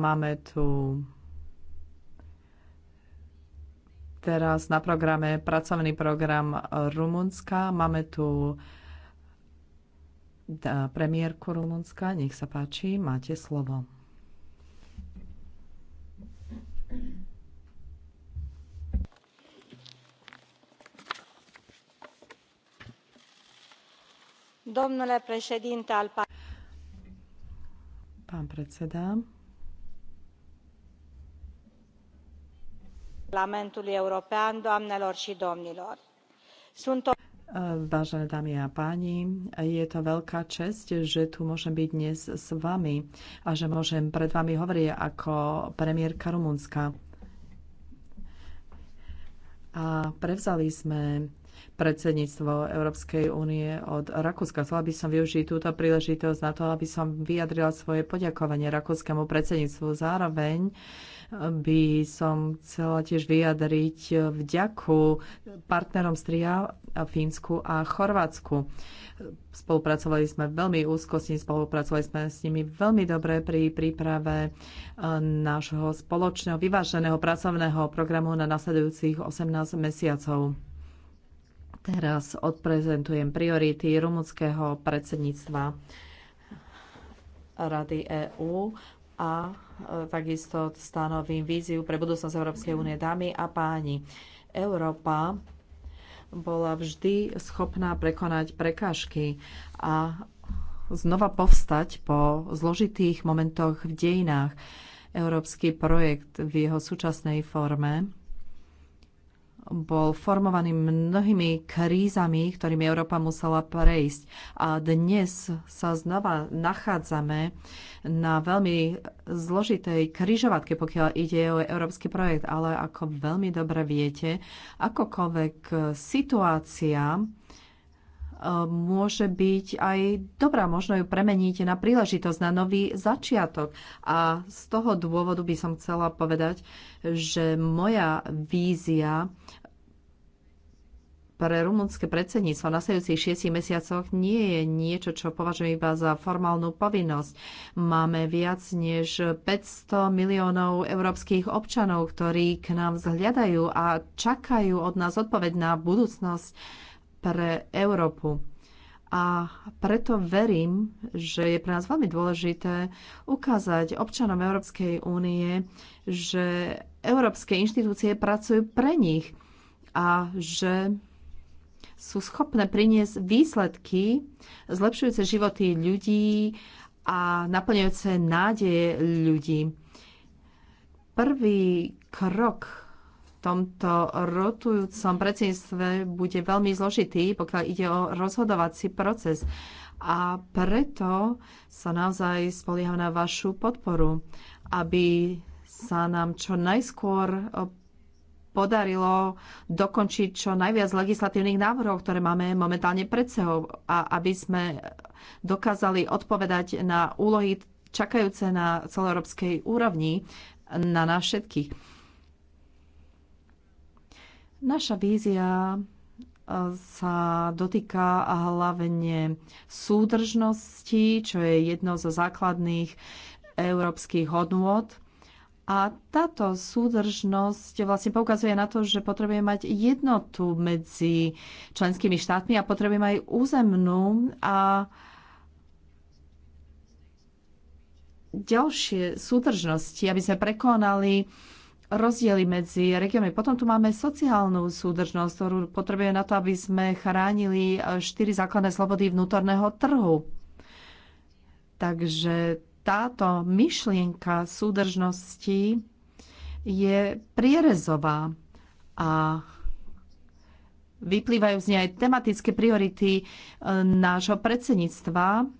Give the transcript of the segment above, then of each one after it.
Máme tu teraz na programe pracovný program Rumunska. Máme tu premiérku Rumunska. Nech sa páči, máte slovo. Domnule președinte al Pán predseda. Parlamentului European, doamnelor și domnilor. Sunt o... Vážené dámy a páni, je to veľká čest, že tu môžem byť dnes s vami a že môžem pred vami hovoriť ako premiérka Rumunska. A prevzali sme predsedníctvo Európskej únie od Rakúska. Chcela by som využiť túto príležitosť na to, aby som vyjadrila svoje poďakovanie rakúskemu predsedníctvu. Zároveň by som chcela tiež vyjadriť vďaku partnerom z TRIA Fínsku a Chorvátsku. Spolupracovali sme veľmi úzko s nimi, spolupracovali sme s nimi veľmi dobre pri príprave eh, nášho spoločného vyváženého pracovného programu na nasledujúcich 18 mesiacov. Teraz odprezentujem priority rumunského predsedníctva Rady EÚ a e, takisto stanovím víziu pre budúcnosť Európskej únie. Dámy a páni, Európa bola vždy schopná prekonať prekážky a znova povstať po zložitých momentoch v dejinách. Európsky projekt v jeho súčasnej forme bol formovaný mnohými krízami, ktorými Európa musela prejsť. A dnes sa znova nachádzame na veľmi zložitej križovatke, pokiaľ ide o európsky projekt. Ale ako veľmi dobre viete, akokoľvek situácia môže byť aj dobrá. Možno ju premeniť na príležitosť, na nový začiatok. A z toho dôvodu by som chcela povedať, že moja vízia pre rumunské predsedníctvo v nasledujúcich šiestich mesiacoch nie je niečo, čo považujem iba za formálnu povinnosť. Máme viac než 500 miliónov európskych občanov, ktorí k nám zhľadajú a čakajú od nás odpoveď na budúcnosť pre Európu. A preto verím, že je pre nás veľmi dôležité ukázať občanom Európskej únie, že európske inštitúcie pracujú pre nich a že sú schopné priniesť výsledky zlepšujúce životy ľudí a naplňujúce nádeje ľudí. Prvý krok tomto rotujúcom predsedníctve bude veľmi zložitý, pokiaľ ide o rozhodovací proces. A preto sa naozaj spolieham na vašu podporu, aby sa nám čo najskôr eh, podarilo dokončiť čo najviac legislatívnych návrhov, ktoré máme momentálne pred sebou a aby sme dokázali odpovedať na úlohy čakajúce na celoeurópskej úrovni na nás všetkých Naša vízia e, sa dotýka hlavne súdržnosti, čo je jedno zo základných európskych hodnôt. A táto súdržnosť vlastne poukazuje na to, že potrebujeme mať jednotu medzi členskými štátmi a potrebujeme aj územnú a ďalšie súdržnosti, aby sme prekonali rozdiely medzi regiónmi. Potom tu máme sociálnu súdržnosť, ktorú potrebujeme na to, aby sme chránili e, štyri základné slobody vnútorného trhu. Takže táto myšlienka súdržnosti je prierezová a vyplývajú z nej aj tematické priority e, nášho predsedníctva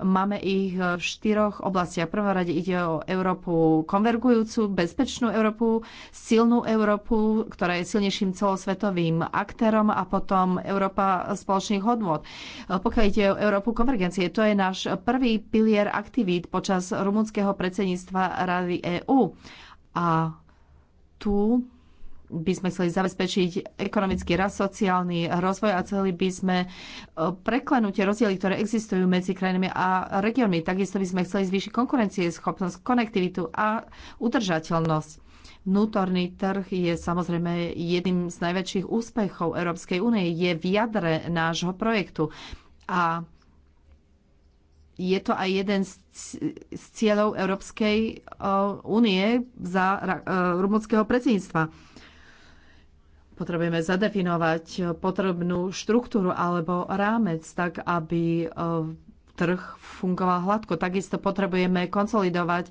Máme ich v štyroch oblastiach. Prvá rade ide o Európu konvergujúcu, bezpečnú Európu, silnú Európu, ktorá je silnejším celosvetovým aktérom a potom Európa spoločných hodnot. Pokiaľ ide o Európu konvergencie, to je náš prvý pilier aktivít počas rumunského predsedníctva Rady EÚ. A tu by sme chceli zabezpečiť ekonomický rast, sociálny rozvoj a chceli by sme e, preklenúť tie rozdiely, ktoré existujú medzi krajinami a regiónmi. Takisto by sme chceli zvýšiť konkurencie, schopnosť, konektivitu a udržateľnosť. Vnútorný trh je samozrejme jedným z najväčších úspechov Európskej únie, je v jadre nášho projektu. A je to aj jeden z cieľov Európskej e, únie za e, rumunského predsedníctva. Potrebujeme zadefinovať potrebnú štruktúru alebo rámec, tak aby e, trh fungoval hladko. Takisto potrebujeme konsolidovať e,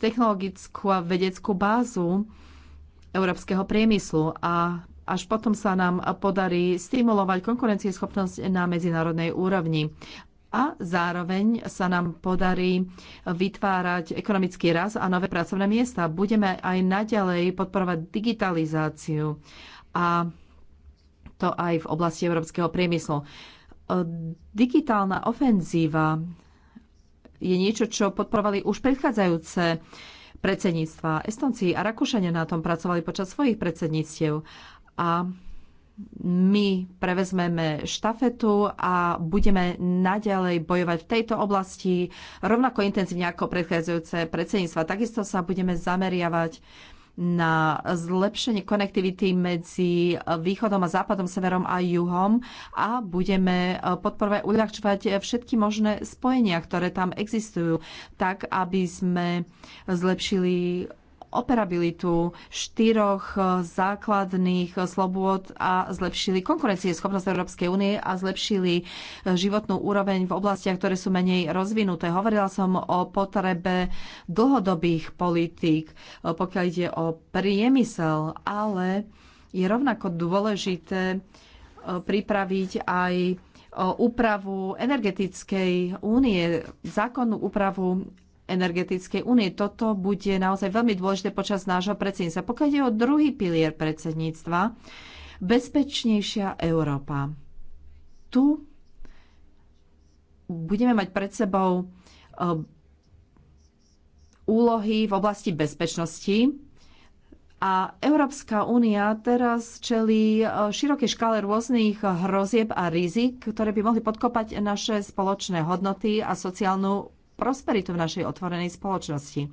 technologickú a vedeckú bázu európskeho priemyslu a až potom sa nám podarí stimulovať konkurencieschopnosť na medzinárodnej úrovni a zároveň sa nám podarí vytvárať ekonomický rast a nové pracovné miesta. Budeme aj naďalej podporovať digitalizáciu a to aj v oblasti európskeho priemyslu. E, digitálna ofenzíva je niečo, čo podporovali už predchádzajúce predsedníctva. Estonci a Rakúšania na tom pracovali počas svojich predsedníctiev. A my prevezmeme štafetu a budeme naďalej bojovať v tejto oblasti rovnako intenzívne ako predchádzajúce predsedníctva. Takisto sa budeme zameriavať na zlepšenie konektivity medzi východom a západom, severom a juhom a budeme podporovať uľahčovať všetky možné spojenia, ktoré tam existujú, tak aby sme zlepšili operabilitu štyroch základných slobôd a zlepšili konkurencie schopnosť Európskej únie a zlepšili e, životnú úroveň v oblastiach, ktoré sú menej rozvinuté. Hovorila som o potrebe dlhodobých politík, e, pokiaľ ide o priemysel, ale je rovnako dôležité e, pripraviť aj úpravu energetickej únie, zákonnú úpravu energetickej únie. Toto bude naozaj veľmi dôležité počas nášho predsedníctva. Pokiaľ je o druhý pilier predsedníctva, bezpečnejšia Európa. Tu budeme mať pred sebou eh, úlohy v oblasti bezpečnosti. A Európska únia teraz čelí eh, širokej škále rôznych hrozieb a rizik, ktoré by mohli podkopať naše spoločné hodnoty a sociálnu prosperitu v našej otvorenej spoločnosti.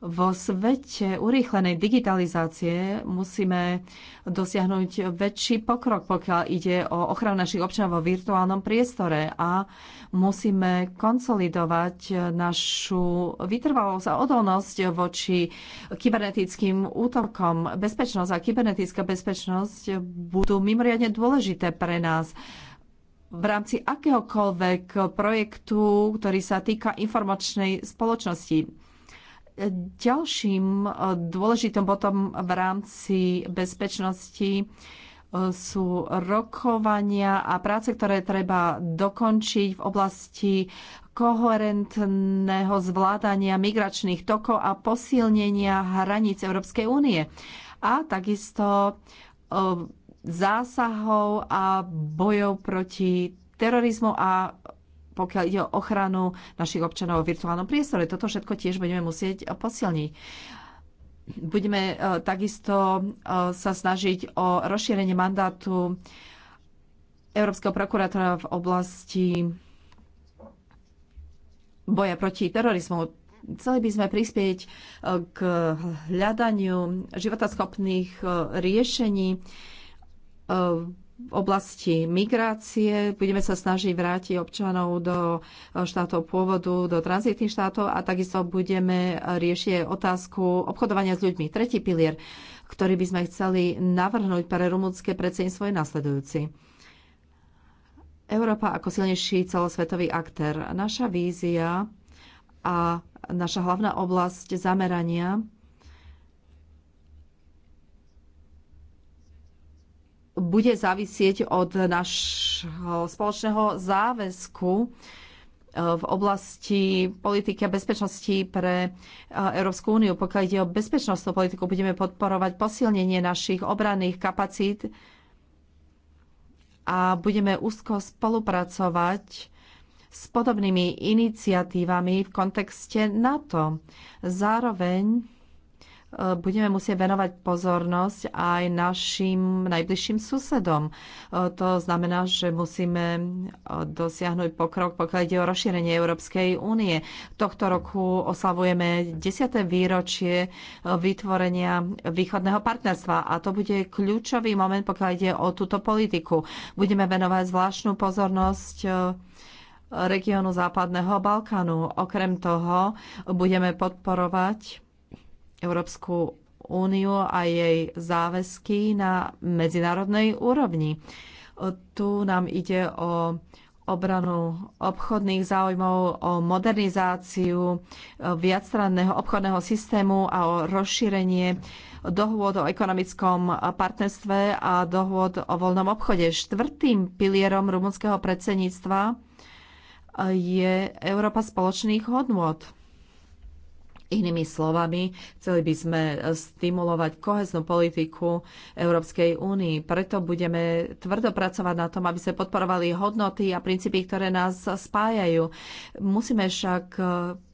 Vo svete urýchlenej digitalizácie musíme dosiahnuť väčší pokrok, pokiaľ ide o ochranu našich občanov vo virtuálnom priestore a musíme konsolidovať našu vytrvalosť a odolnosť voči kybernetickým útokom. Bezpečnosť a kybernetická bezpečnosť budú mimoriadne dôležité pre nás v rámci akéhokoľvek projektu, ktorý sa týka informačnej spoločnosti. Ďalším eh, dôležitým potom v rámci bezpečnosti eh, sú rokovania a práce, ktoré treba dokončiť v oblasti koherentného zvládania migračných tokov a posilnenia hraníc Európskej únie. A takisto eh, zásahov a bojov proti terorizmu a pokiaľ ide o ochranu našich občanov v virtuálnom priestore. Toto všetko tiež budeme musieť posilniť. Budeme e, takisto e, sa snažiť o rozšírenie mandátu Európskeho prokurátora v oblasti boja proti terorizmu. Chceli by sme prispieť e, k hľadaniu životaschopných riešení v oblasti migrácie. Budeme sa snažiť vrátiť občanov do eh, štátov pôvodu, do tranzitných štátov a takisto budeme riešiť otázku obchodovania s ľuďmi. Tretí pilier, ktorý by sme chceli navrhnúť pre rumúnske predsedníctvo je nasledujúci. Európa ako silnejší celosvetový aktér. Naša vízia a naša hlavná oblasť zamerania bude závisieť od nášho spoločného záväzku eh, v oblasti politiky a bezpečnosti pre eh, Európsku úniu. Pokiaľ ide o bezpečnostnú politiku, budeme podporovať posilnenie našich obranných kapacít a budeme úzko spolupracovať s podobnými iniciatívami v kontexte NATO. Zároveň Eh, budeme musieť venovať pozornosť aj našim najbližším susedom. Eh, to znamená, že musíme eh, dosiahnuť pokrok, pokiaľ ide o rozšírenie Európskej únie. Tohto roku oslavujeme 10. výročie vytvorenia východného partnerstva a to bude kľúčový moment, pokiaľ ide o túto politiku. Budeme venovať zvláštnu pozornosť regiónu Západného Balkánu. Okrem toho budeme podporovať Európsku úniu a jej záväzky na medzinárodnej úrovni. Tu nám ide o obranu obchodných záujmov, o modernizáciu viacstranného obchodného systému a o rozšírenie dohôd o ekonomickom partnerstve a dohôd o voľnom obchode. Štvrtým pilierom rumunského predsedníctva je Európa spoločných hodnôt Inými slovami, chceli by sme eh, stimulovať koheznú politiku Európskej únii. Preto budeme tvrdo pracovať na tom, aby sme podporovali hodnoty a princípy, ktoré nás spájajú. Musíme však eh,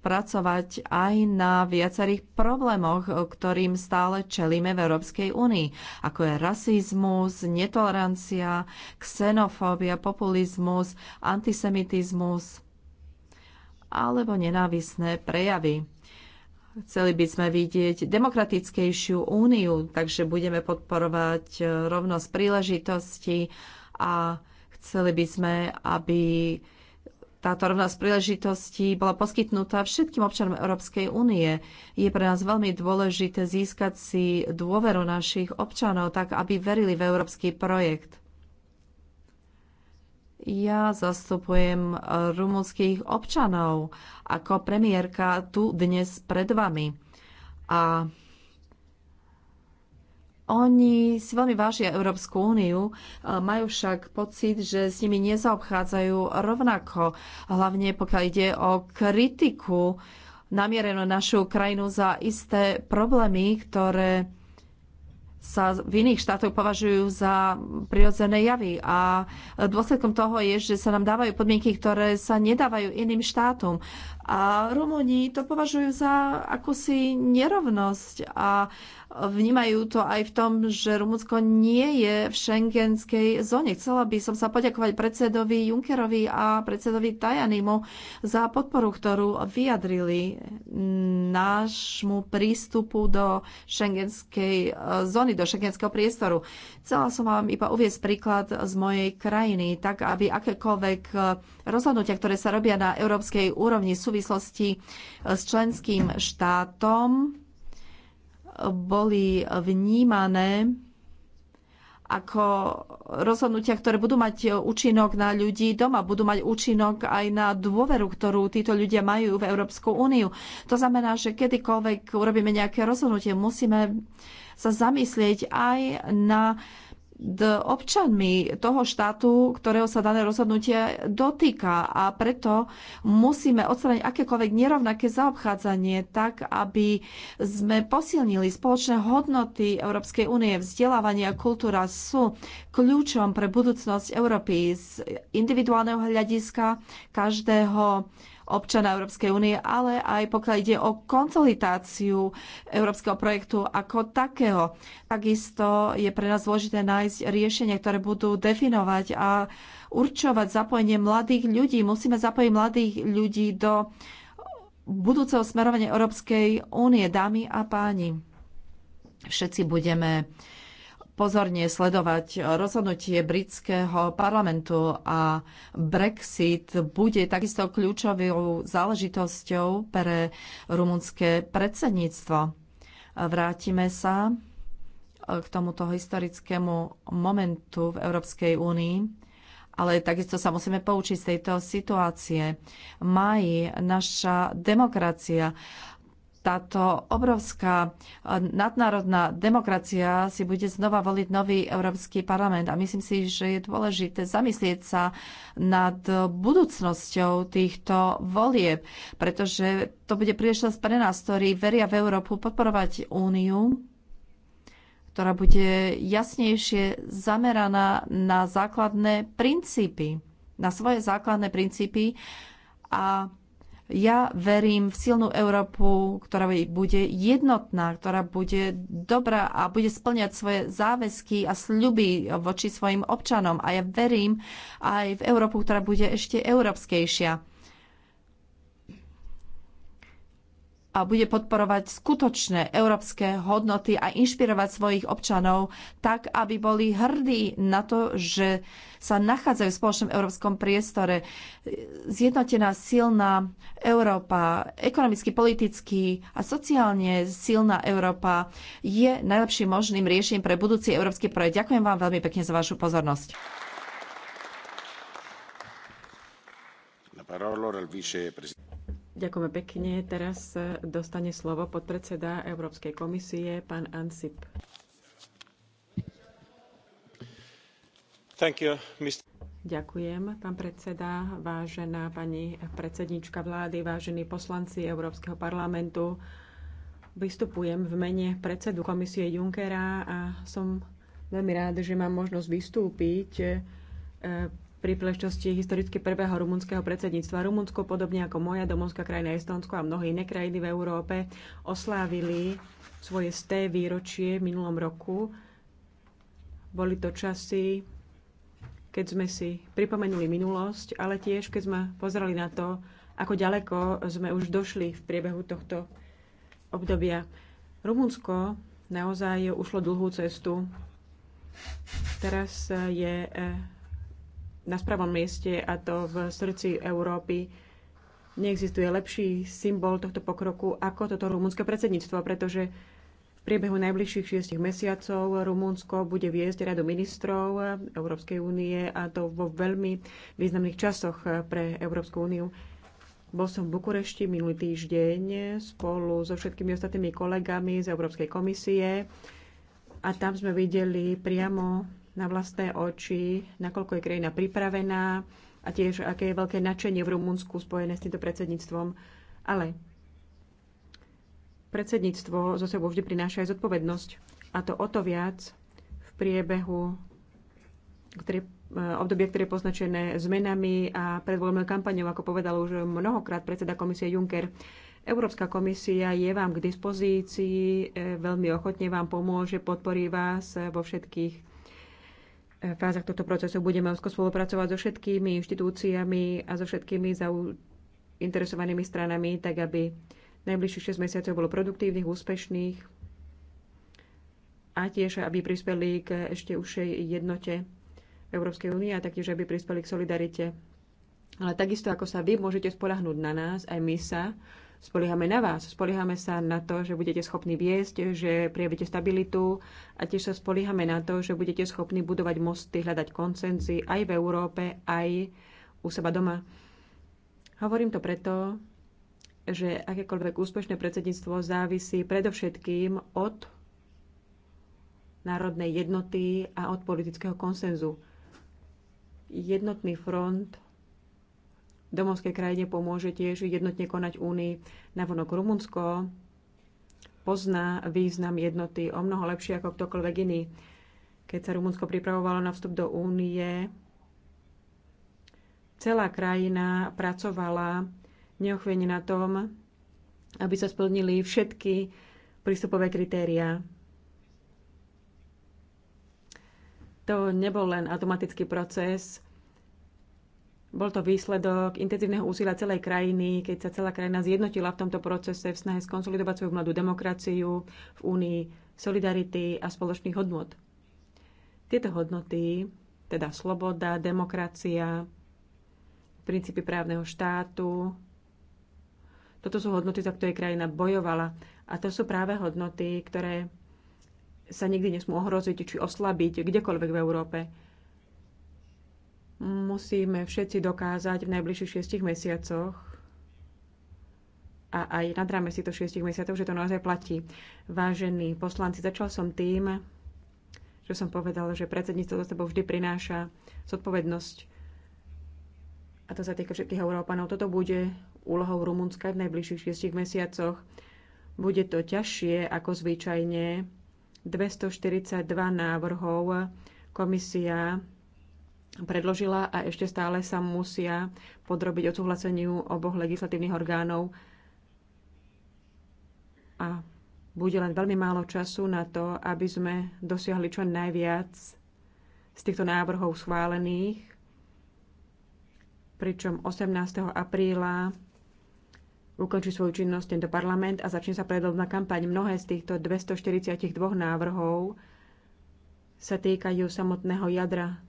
pracovať aj na viacerých problémoch, eh, ktorým stále čelíme v Európskej únii, ako je rasizmus, netolerancia, xenofóbia, populizmus, antisemitizmus alebo nenávisné prejavy Chceli by sme vidieť demokratickejšiu úniu, takže budeme podporovať e, rovnosť príležitosti a chceli by sme, aby táto rovnosť príležitosti bola poskytnutá všetkým občanom Európskej únie. Je pre nás veľmi dôležité získať si dôveru našich občanov, tak aby verili v európsky projekt. Ja zastupujem e, rumunských občanov ako premiérka tu dnes pred vami. A oni si veľmi vážia Európsku úniu, e, majú však pocit, že s nimi nezaobchádzajú rovnako, hlavne pokiaľ ide o kritiku namierenú našu krajinu za isté problémy, ktoré sa v iných štátoch považujú za prirodzené javy. A dôsledkom toho je, že sa nám dávajú podmienky, ktoré sa nedávajú iným štátom. A Rumúni to považujú za akúsi nerovnosť a Vnímajú to aj v tom, že Rumunsko nie je v šengenskej zóne. Chcela by som sa poďakovať predsedovi Junkerovi a predsedovi Tajanimu za podporu, ktorú vyjadrili nášmu prístupu do šengenskej e, zóny, do šengenského priestoru. Chcela som vám iba uviezť príklad z mojej krajiny, tak aby akékoľvek e, rozhodnutia, ktoré sa robia na európskej úrovni v súvislosti e, s členským štátom, boli vnímané ako rozhodnutia, ktoré budú mať účinok na ľudí doma, budú mať účinok aj na dôveru, ktorú títo ľudia majú v Európsku úniu. To znamená, že kedykoľvek urobíme nejaké rozhodnutie, musíme sa zamyslieť aj na uh, občanmi toho štátu, ktorého sa dané rozhodnutie dotýka. A preto musíme odstrániť akékoľvek nerovnaké zaobchádzanie tak, aby sme posilnili spoločné hodnoty Európskej únie. Vzdelávanie a kultúra sú kľúčom pre budúcnosť Európy z individuálneho hľadiska každého občana Európskej únie, ale aj pokiaľ ide o konsolidáciu európskeho projektu ako takého. Takisto je pre nás dôležité nájsť riešenia, ktoré budú definovať a určovať zapojenie mladých ľudí. Musíme zapojiť mladých ľudí do budúceho smerovania Európskej únie, dámy a páni. Všetci budeme pozorne sledovať rozhodnutie britského parlamentu a Brexit bude takisto kľúčovou záležitosťou pre rumunské predsedníctvo. Vrátime sa k tomuto historickému momentu v Európskej únii ale takisto sa musíme poučiť z tejto situácie. Mají naša demokracia táto obrovská eh, nadnárodná demokracia si bude znova voliť nový Európsky parlament. A myslím si, že je dôležité zamyslieť sa nad budúcnosťou týchto volieb, pretože to bude príležitosť pre nás, ktorí veria v Európu, podporovať úniu, ktorá bude jasnejšie zameraná na základné princípy, na svoje základné princípy a ja verím v silnú Európu, ktorá bude jednotná, ktorá bude dobrá a bude splňať svoje záväzky a sľuby voči svojim občanom. A ja verím aj v Európu, ktorá bude ešte európskejšia. a bude podporovať skutočné európske hodnoty a inšpirovať svojich občanov tak, aby boli hrdí na to, že sa nachádzajú v spoločnom európskom priestore. Zjednotená silná Európa, ekonomicky, politicky a sociálne silná Európa je najlepším možným riešením pre budúci európsky projekt. Ďakujem vám veľmi pekne za vašu pozornosť. parola al viceprezidente. Ďakujeme pekne. Teraz e, dostane slovo podpredseda Európskej komisie, pán Ansip. Thank you, Mr. Ďakujem, pán predseda, vážená pani predsednička vlády, vážení poslanci Európskeho parlamentu. Vystupujem v mene predsedu komisie Junckera a som veľmi rád, že mám možnosť vystúpiť e, pri príležitosti historicky prvého rumunského predsedníctva. Rumunsko, podobne ako moja domovská krajina Estonsko a mnohé iné krajiny v Európe, oslávili svoje sté výročie v minulom roku. Boli to časy, keď sme si pripomenuli minulosť, ale tiež keď sme pozreli na to, ako ďaleko sme už došli v priebehu tohto obdobia. Rumunsko naozaj ušlo dlhú cestu. Teraz je eh, na spravom mieste a to v srdci Európy. Neexistuje lepší symbol tohto pokroku ako toto rumúnske predsedníctvo, pretože v priebehu najbližších šiestich mesiacov Rumúnsko bude viesť radu ministrov Európskej únie a to vo veľmi významných časoch pre Európsku úniu. Bol som v Bukurešti minulý týždeň spolu so všetkými ostatnými kolegami z Európskej komisie a tam sme videli priamo na vlastné oči, nakoľko je krajina pripravená a tiež aké je veľké nadšenie v Rumunsku spojené s týmto predsedníctvom. Ale predsedníctvo zo sebou vždy prináša aj zodpovednosť. A to o to viac v priebehu ktoré, eh, obdobie, ktoré je poznačené zmenami a predvoľnou kampaňou, ako povedal už mnohokrát predseda komisie Juncker. Európska komisia je vám k dispozícii, eh, veľmi ochotne vám pomôže, podporí vás eh, vo všetkých fázach tohto procesu budeme úzko spolupracovať so všetkými inštitúciami a so všetkými zainteresovanými stranami, tak aby najbližších 6 mesiacov bolo produktívnych, úspešných a tiež, aby prispeli k ešte užšej jednote Európskej únie a taktiež, aby prispeli k solidarite. Ale takisto, ako sa vy môžete spolahnúť na nás, aj my sa, Spoliehame na vás, spoliehame sa na to, že budete schopní viesť, že prijavíte stabilitu a tiež sa spoliehame na to, že budete schopní budovať mosty, hľadať koncenzy aj v Európe, aj u seba doma. Hovorím to preto, že akékoľvek úspešné predsedníctvo závisí predovšetkým od národnej jednoty a od politického konsenzu. Jednotný front domovskej krajine pomôže tiež jednotne konať únii. Navonok Rumunsko pozná význam jednoty o mnoho lepšie ako ktokoľvek iný. Keď sa Rumunsko pripravovalo na vstup do únie, celá krajina pracovala neochvene na tom, aby sa splnili všetky prístupové kritériá. To nebol len automatický proces, bol to výsledok intenzívneho úsilia celej krajiny, keď sa celá krajina zjednotila v tomto procese v snahe skonsolidovať svoju mladú demokraciu v únii solidarity a spoločných hodnot. Tieto hodnoty, teda sloboda, demokracia, princípy právneho štátu, toto sú hodnoty, za ktoré krajina bojovala. A to sú práve hodnoty, ktoré sa nikdy nesmú ohroziť či oslabiť kdekoľvek v Európe musíme všetci dokázať v najbližších šiestich mesiacoch a aj nad rámec týchto šiestich mesiacov, že to naozaj platí. Vážení poslanci, začal som tým, že som povedal, že predsedníctvo za sebou vždy prináša zodpovednosť a to sa týka všetkých Európanov. Toto bude úlohou Rumunska v najbližších šiestich mesiacoch. Bude to ťažšie ako zvyčajne. 242 návrhov komisia predložila a ešte stále sa musia podrobiť odsúhlaseniu oboch legislatívnych orgánov. A bude len veľmi málo času na to, aby sme dosiahli čo najviac z týchto návrhov schválených, pričom 18. apríla ukončí svoju činnosť tento parlament a začne sa predlobná kampaň. Mnohé z týchto 242 návrhov sa týkajú samotného jadra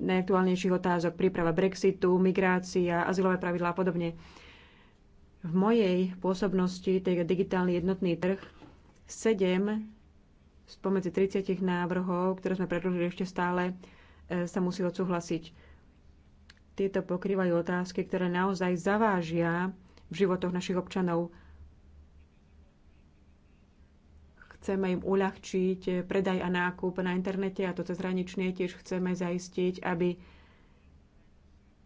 najaktuálnejších otázok, príprava Brexitu, migrácia, azylové pravidlá a podobne. V mojej pôsobnosti, tej digitálny jednotný trh, 7 spomedzi 30 návrhov, ktoré sme predložili ešte stále, e, sa musí odsúhlasiť. Tieto pokrývajú otázky, ktoré naozaj zavážia v životoch našich občanov. Chceme im uľahčiť predaj a nákup na internete a to cez hraničné tiež chceme zaistiť, aby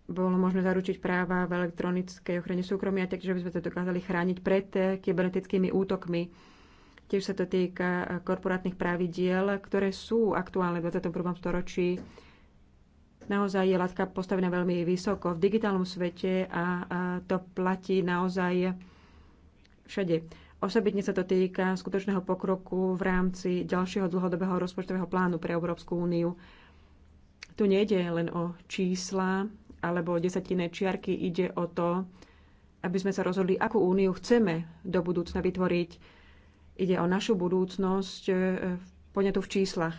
bolo možné zaručiť práva v elektronickej ochrane súkromia, takže by sme to dokázali chrániť pred kybernetickými útokmi. Tiež sa to týka korporátnych pravidiel, ktoré sú aktuálne v 21. storočí. Naozaj je látka postavená veľmi vysoko v digitálnom svete a, a to platí naozaj všade. Osobitne sa to týka skutočného pokroku v rámci ďalšieho dlhodobého rozpočtového plánu pre Európsku úniu. Tu nejde len o čísla alebo desatinné čiarky, ide o to, aby sme sa rozhodli, akú úniu chceme do budúcna vytvoriť. Ide o našu budúcnosť e, poňatú v číslach.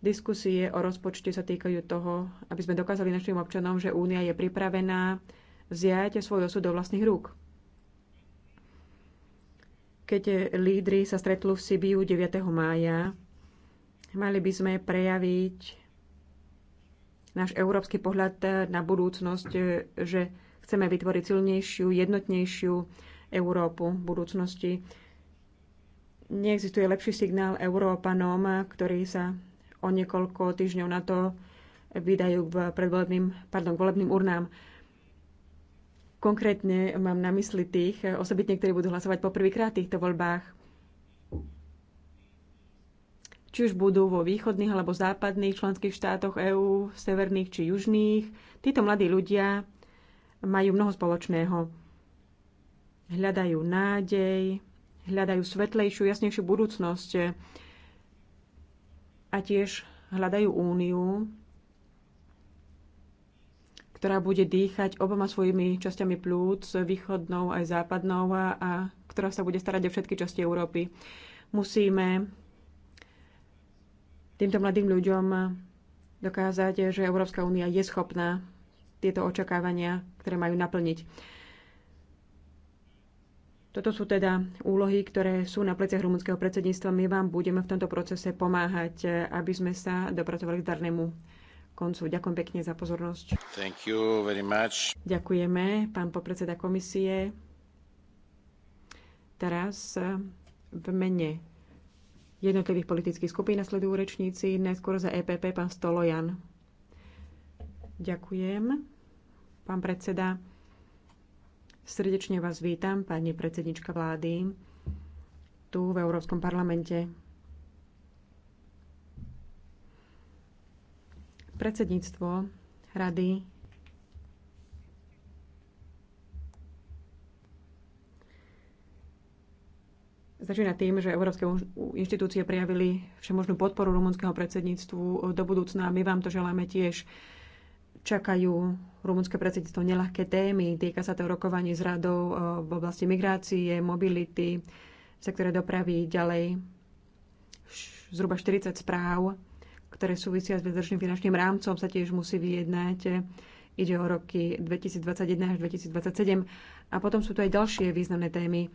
Diskusie o rozpočte sa týkajú toho, aby sme dokázali našim občanom, že únia je pripravená vziať svoj osud do vlastných rúk keď e, lídry sa stretnú v Sibiu 9. mája, mali by sme prejaviť náš európsky pohľad e, na budúcnosť, e, že chceme vytvoriť silnejšiu, jednotnejšiu Európu v budúcnosti. Neexistuje lepší signál Európanom, ktorí sa o niekoľko týždňov na to vydajú k pardon, k volebným urnám. Konkrétne mám na mysli tých osobitne, ktorí budú hlasovať poprvýkrát v týchto voľbách. Či už budú vo východných alebo západných členských štátoch EÚ, severných či južných, títo mladí ľudia majú mnoho spoločného. Hľadajú nádej, hľadajú svetlejšiu, jasnejšiu budúcnosť a tiež hľadajú úniu, ktorá bude dýchať oboma svojimi časťami plúc, východnou aj západnou, a, a ktorá sa bude starať o všetky časti Európy. Musíme týmto mladým ľuďom dokázať, že Európska únia je schopná tieto očakávania, ktoré majú naplniť. Toto sú teda úlohy, ktoré sú na pleciach rumunského predsedníctva. My vám budeme v tomto procese pomáhať, aby sme sa dopracovali k darnému koncu. Ďakujem pekne za pozornosť. Thank you very much. Ďakujeme, pán popredseda komisie. Teraz eh, v mene jednotlivých politických skupín nasledujú rečníci, najskôr za EPP pán Stolojan. Ďakujem, pán predseda. Srdečne vás vítam, pani predsednička vlády, tu v Európskom parlamente. Predsedníctvo rady začína tým, že európske inštitúcie prijavili všemožnú podporu rumunského predsedníctvu do budúcna. My vám to želáme tiež. Čakajú rumunské predsedníctvo nelahké témy. Týka sa to rokovaní s radou eh, v oblasti migrácie, mobility, v sektore dopravy, ďalej zhruba 40 správ ktoré súvisia s bezdržným finančným rámcom, sa tiež musí vyjednať. Ide o roky 2021 až 2027. A potom sú tu aj ďalšie významné témy.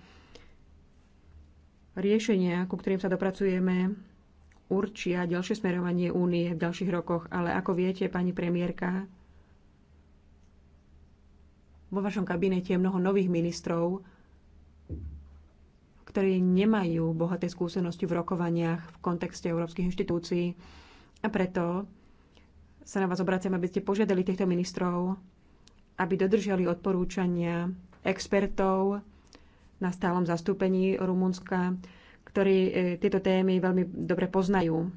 Riešenia, ku ktorým sa dopracujeme, určia ďalšie smerovanie únie v ďalších rokoch, ale ako viete, pani premiérka, vo vašom kabinete je mnoho nových ministrov, ktorí nemajú bohaté skúsenosti v rokovaniach v kontexte európskych inštitúcií a preto sa na vás obraciam, aby ste požiadali týchto ministrov, aby dodržali odporúčania expertov na stálom zastúpení Rumunska, ktorí e, tieto témy veľmi dobre poznajú.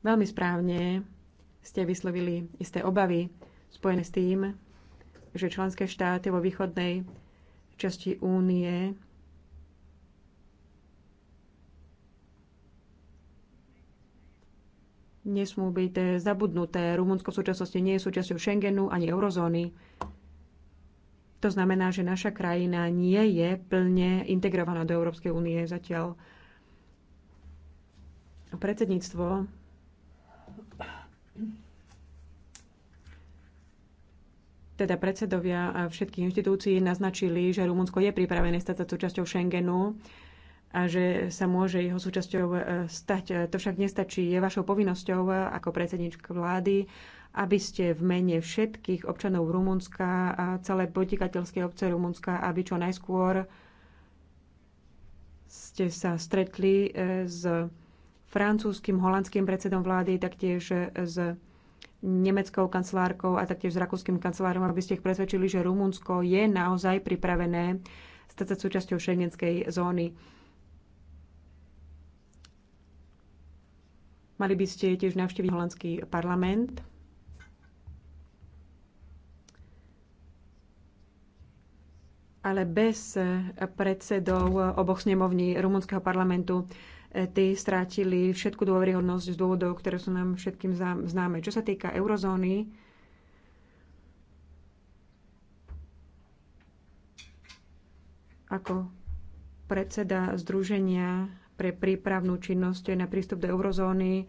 Veľmi správne ste vyslovili isté obavy spojené s tým, že členské štáty vo východnej časti únie nesmú byť eh, zabudnuté. Rumunsko v súčasnosti nie je súčasťou Schengenu ani eurozóny. To znamená, že naša krajina nie je plne integrovaná do Európskej únie zatiaľ. Predsedníctvo teda predsedovia všetkých inštitúcií naznačili, že Rumunsko je pripravené stať sa súčasťou Schengenu a že sa môže jeho súčasťou e, stať. E, to však nestačí. Je vašou povinnosťou e, ako predsednička vlády, aby ste v mene všetkých občanov Rumunska a celé podnikateľské obce Rumunska, aby čo najskôr ste sa stretli s francúzským, holandským predsedom vlády, taktiež s nemeckou kancelárkou a taktiež s rakúskym kancelárom, aby ste ich presvedčili, že Rumunsko je naozaj pripravené stať sa súčasťou šengenskej zóny Mali by ste tiež navštíviť holandský parlament. Ale bez predsedov oboch snemovní rumunského parlamentu eh, tí strátili všetku dôveryhodnosť z dôvodov, ktoré sú nám všetkým známe. Čo sa týka eurozóny, ako predseda Združenia pre prípravnú činnosť na prístup do eurozóny.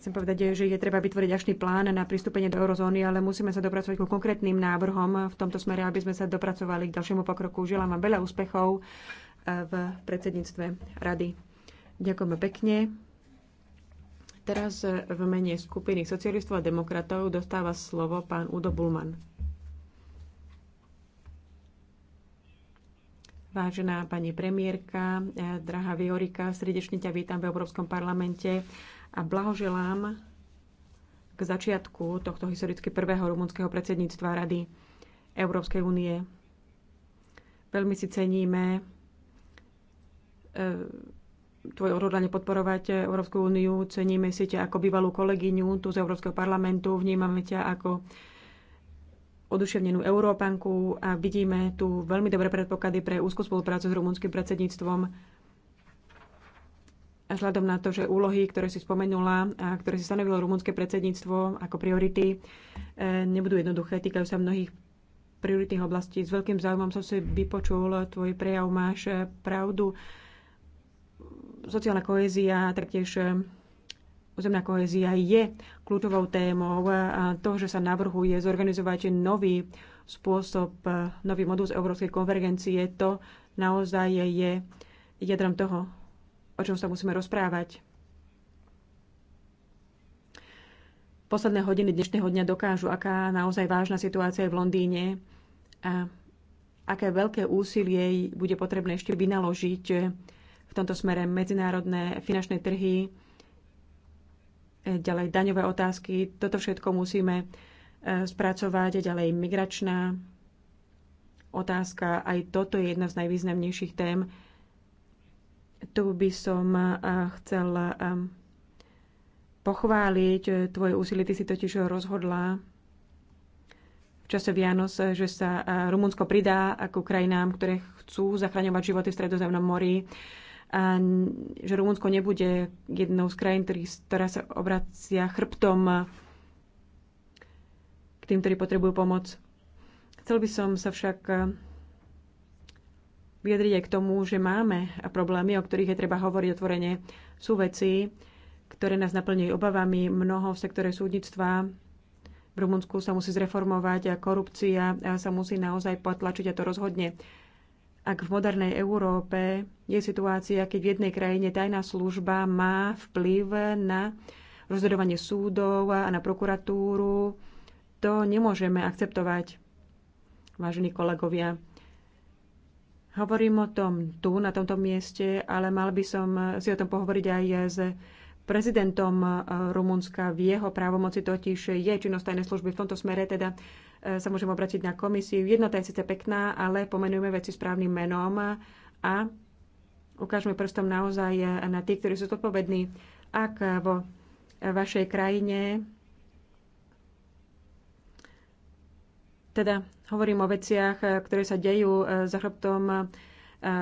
Chcem povedať, že je treba vytvoriť ďalší plán na pristúpenie do eurozóny, ale musíme sa dopracovať ku konkrétnym návrhom v tomto smere, aby sme sa dopracovali k ďalšiemu pokroku. Želám vám veľa úspechov eh, v predsedníctve rady. Ďakujeme pekne. Teraz v mene skupiny socialistov a demokratov dostáva slovo pán Udo Bulman. Vážená pani premiérka, eh, drahá Viorika, srdečne ťa vítam v Európskom parlamente a blahoželám k začiatku tohto historicky prvého rumunského predsedníctva Rady Európskej únie. Veľmi si ceníme eh, tvoje odhodlanie podporovať eh, Európsku úniu, ceníme si ťa ako bývalú kolegyňu tu z Európskeho parlamentu, vnímame ťa ako oduševnenú Európanku a vidíme tu veľmi dobré predpoklady pre úzku spoluprácu s rumunským predsedníctvom. A vzhľadom na to, že úlohy, ktoré si spomenula a ktoré si stanovilo rumunské predsedníctvo ako priority, e, nebudú jednoduché, týkajú sa mnohých prioritných oblastí. S veľkým záujmom som si vypočul tvoj prejav, máš pravdu. Sociálna kohézia taktiež Územná kohézia je kľúčovou témou a to, že sa navrhuje zorganizovať nový spôsob, nový modus európskej konvergencie, to naozaj je jadrom toho, o čom sa musíme rozprávať. Posledné hodiny dnešného dňa dokážu, aká naozaj vážna situácia je v Londýne a aké veľké úsilie bude potrebné ešte vynaložiť v tomto smere medzinárodné finančné trhy ďalej daňové otázky. Toto všetko musíme e, spracovať. Ďalej migračná otázka. Aj toto je jedna z najvýznamnejších tém. Tu by som e, chcel e, pochváliť tvoje úsilie. Ty si totiž rozhodla v čase Vianos, že sa Rumunsko pridá ako krajinám, ktoré chcú zachraňovať životy v Stredozemnom mori a že Rumunsko nebude jednou z krajín, ktorá sa obracia chrbtom k tým, ktorí potrebujú pomoc. Chcel by som sa však e, vyjadriť aj k tomu, že máme problémy, o ktorých je treba hovoriť otvorene. Sú veci, ktoré nás naplňujú obavami. Mnoho v sektore súdnictva v Rumunsku sa musí zreformovať a korupcia sa musí naozaj potlačiť a to rozhodne ak v modernej Európe je situácia, keď v jednej krajine tajná služba má vplyv na rozhodovanie súdov a na prokuratúru, to nemôžeme akceptovať, vážení kolegovia. Hovorím o tom tu, na tomto mieste, ale mal by som si o tom pohovoriť aj s prezidentom Rumunska. V jeho právomoci totiž je činnosť tajnej služby v tomto smere, teda sa môžem obrátiť na komisiu. Jednota je síce pekná, ale pomenujeme veci správnym menom a ukážeme prstom naozaj na tých, ktorí sú zodpovední. Ak vo vašej krajine teda hovorím o veciach, ktoré sa dejú e, za chrbtom, e,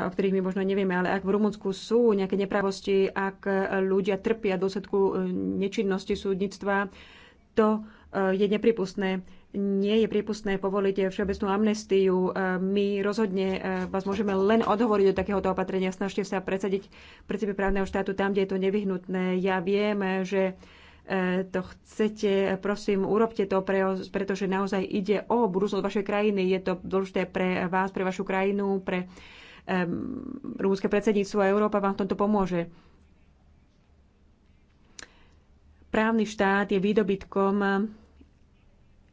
o ktorých my možno nevieme, ale ak v Rumunsku sú nejaké nepravosti, ak ľudia trpia dôsledku e, nečinnosti súdnictva, to je nepripustné nie je prípustné povoliť všeobecnú amnestiu. E, My rozhodne e, vás môžeme len odhovoriť do takéhoto opatrenia. Snažte sa predsadiť princípy právneho štátu tam, kde je to nevyhnutné. Ja viem, že e, to chcete, prosím, urobte to, pre, pretože naozaj ide o budúcnosť vašej krajiny. Je to dôležité pre vás, pre vašu krajinu, pre um, predsedníctvo a Európa vám v tomto pomôže. Právny štát je výdobytkom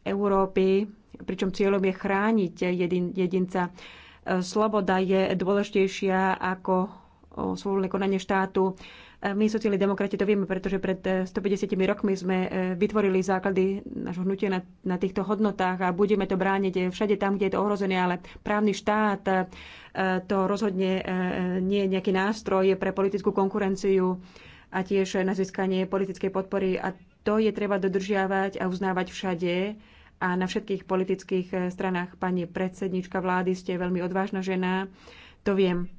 Európy, pričom cieľom je chrániť jedin, jedinca. E, sloboda je dôležitejšia ako svobodné konanie štátu. E, my, sociálni demokrati, to vieme, pretože pred 150 e, rokmi sme vytvorili základy našho hnutia na, na týchto hodnotách a budeme to brániť všade tam, kde je to ohrozené, ale právny štát to rozhodne nie je nejaký nástroj pre politickú konkurenciu a tiež na získanie politickej podpory. A to je treba dodržiavať a uznávať všade a na všetkých politických eh, stranách. Pani predsednička vlády, ste veľmi odvážna žena, to viem.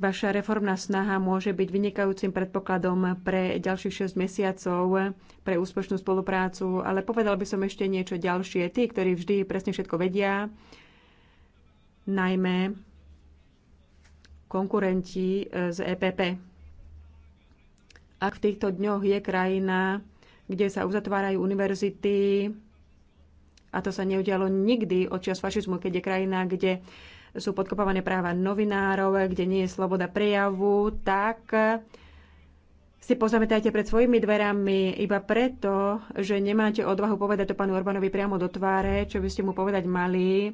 Vaša reformná snaha môže byť vynikajúcim predpokladom pre ďalších 6 mesiacov, pre úspešnú spoluprácu, ale povedal by som ešte niečo ďalšie. Tí, ktorí vždy presne všetko vedia, najmä konkurenti eh, z EPP. Ak v týchto dňoch je krajina, kde sa uzatvárajú univerzity, a to sa neudialo nikdy od čas fašizmu, keď je krajina, kde sú podkopované práva novinárov, kde nie je sloboda prejavu, tak eh, si pozametajte pred svojimi dverami iba preto, že nemáte odvahu povedať to pánu Orbánovi priamo do tváre, čo by ste mu povedať mali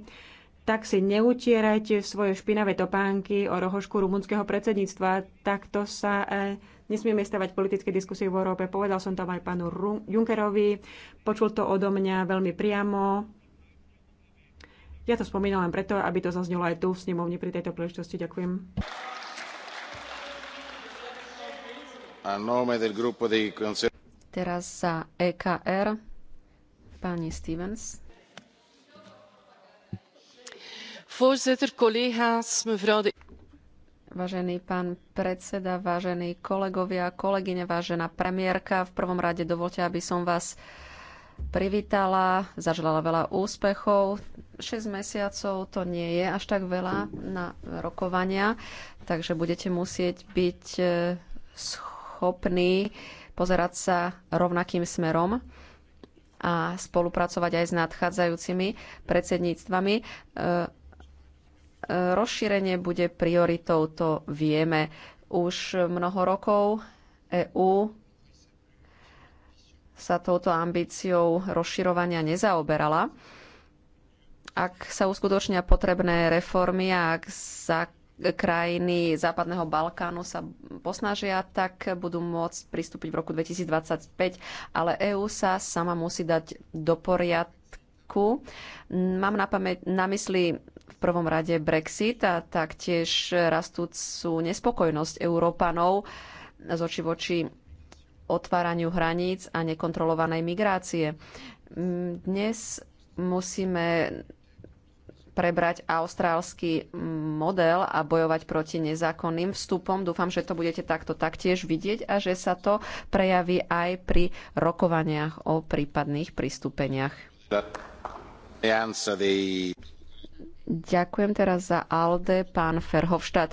tak si neutierajte svoje špinavé topánky o rohošku rumunského predsedníctva. Takto sa e, nesmieme stavať politické diskusie v Európe. Povedal som tam aj pánu Junkerovi, počul to odo mňa veľmi priamo. Ja to spomínam len preto, aby to zaznelo aj tu v snemovni pri tejto príležitosti. Ďakujem. Teraz sa EKR, pani Stevens. Voorzitter, collega's, mevrouw de... Vážený pán predseda, vážení kolegovia, kolegyne, vážená premiérka, v prvom rade dovolte, aby som vás privítala, zaželala veľa úspechov. 6 mesiacov to nie je až tak veľa na rokovania, takže budete musieť byť e, schopní pozerať sa rovnakým smerom a spolupracovať aj s nadchádzajúcimi predsedníctvami. E, rozšírenie bude prioritou, to vieme. Už mnoho rokov EÚ sa touto ambíciou rozširovania nezaoberala. Ak sa uskutočnia potrebné reformy a ak sa krajiny Západného Balkánu sa posnažia, tak budú môcť pristúpiť v roku 2025. Ale EÚ sa sama musí dať do, poriadku Grécku. Mám na, pamäť, na mysli v prvom rade Brexit a taktiež rastúcu nespokojnosť Európanov z oči voči otváraniu hraníc a nekontrolovanej migrácie. Dnes musíme prebrať austrálsky model a bojovať proti nezákonným vstupom. Dúfam, že to budete takto taktiež vidieť a že sa to prejaví aj pri rokovaniach o prípadných pristúpeniach. Ďakujem teraz za ALDE, pán Ferhovštad.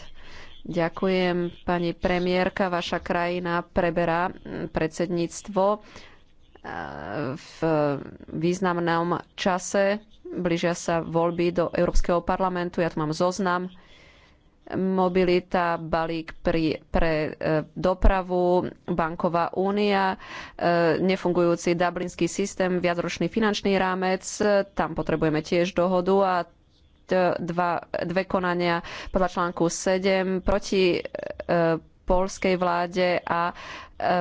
Ďakujem, pani premiérka. Vaša krajina preberá mm, predsedníctvo eh, v významnom čase. Blížia sa voľby do Európskeho parlamentu. Ja tu mám zoznam mobilita, balík pri, pre e, dopravu, banková únia, e, nefungujúci dublinský systém, viacročný finančný rámec, e, tam potrebujeme tiež dohodu a t, dva, dve konania podľa článku 7 proti e, polskej vláde a e,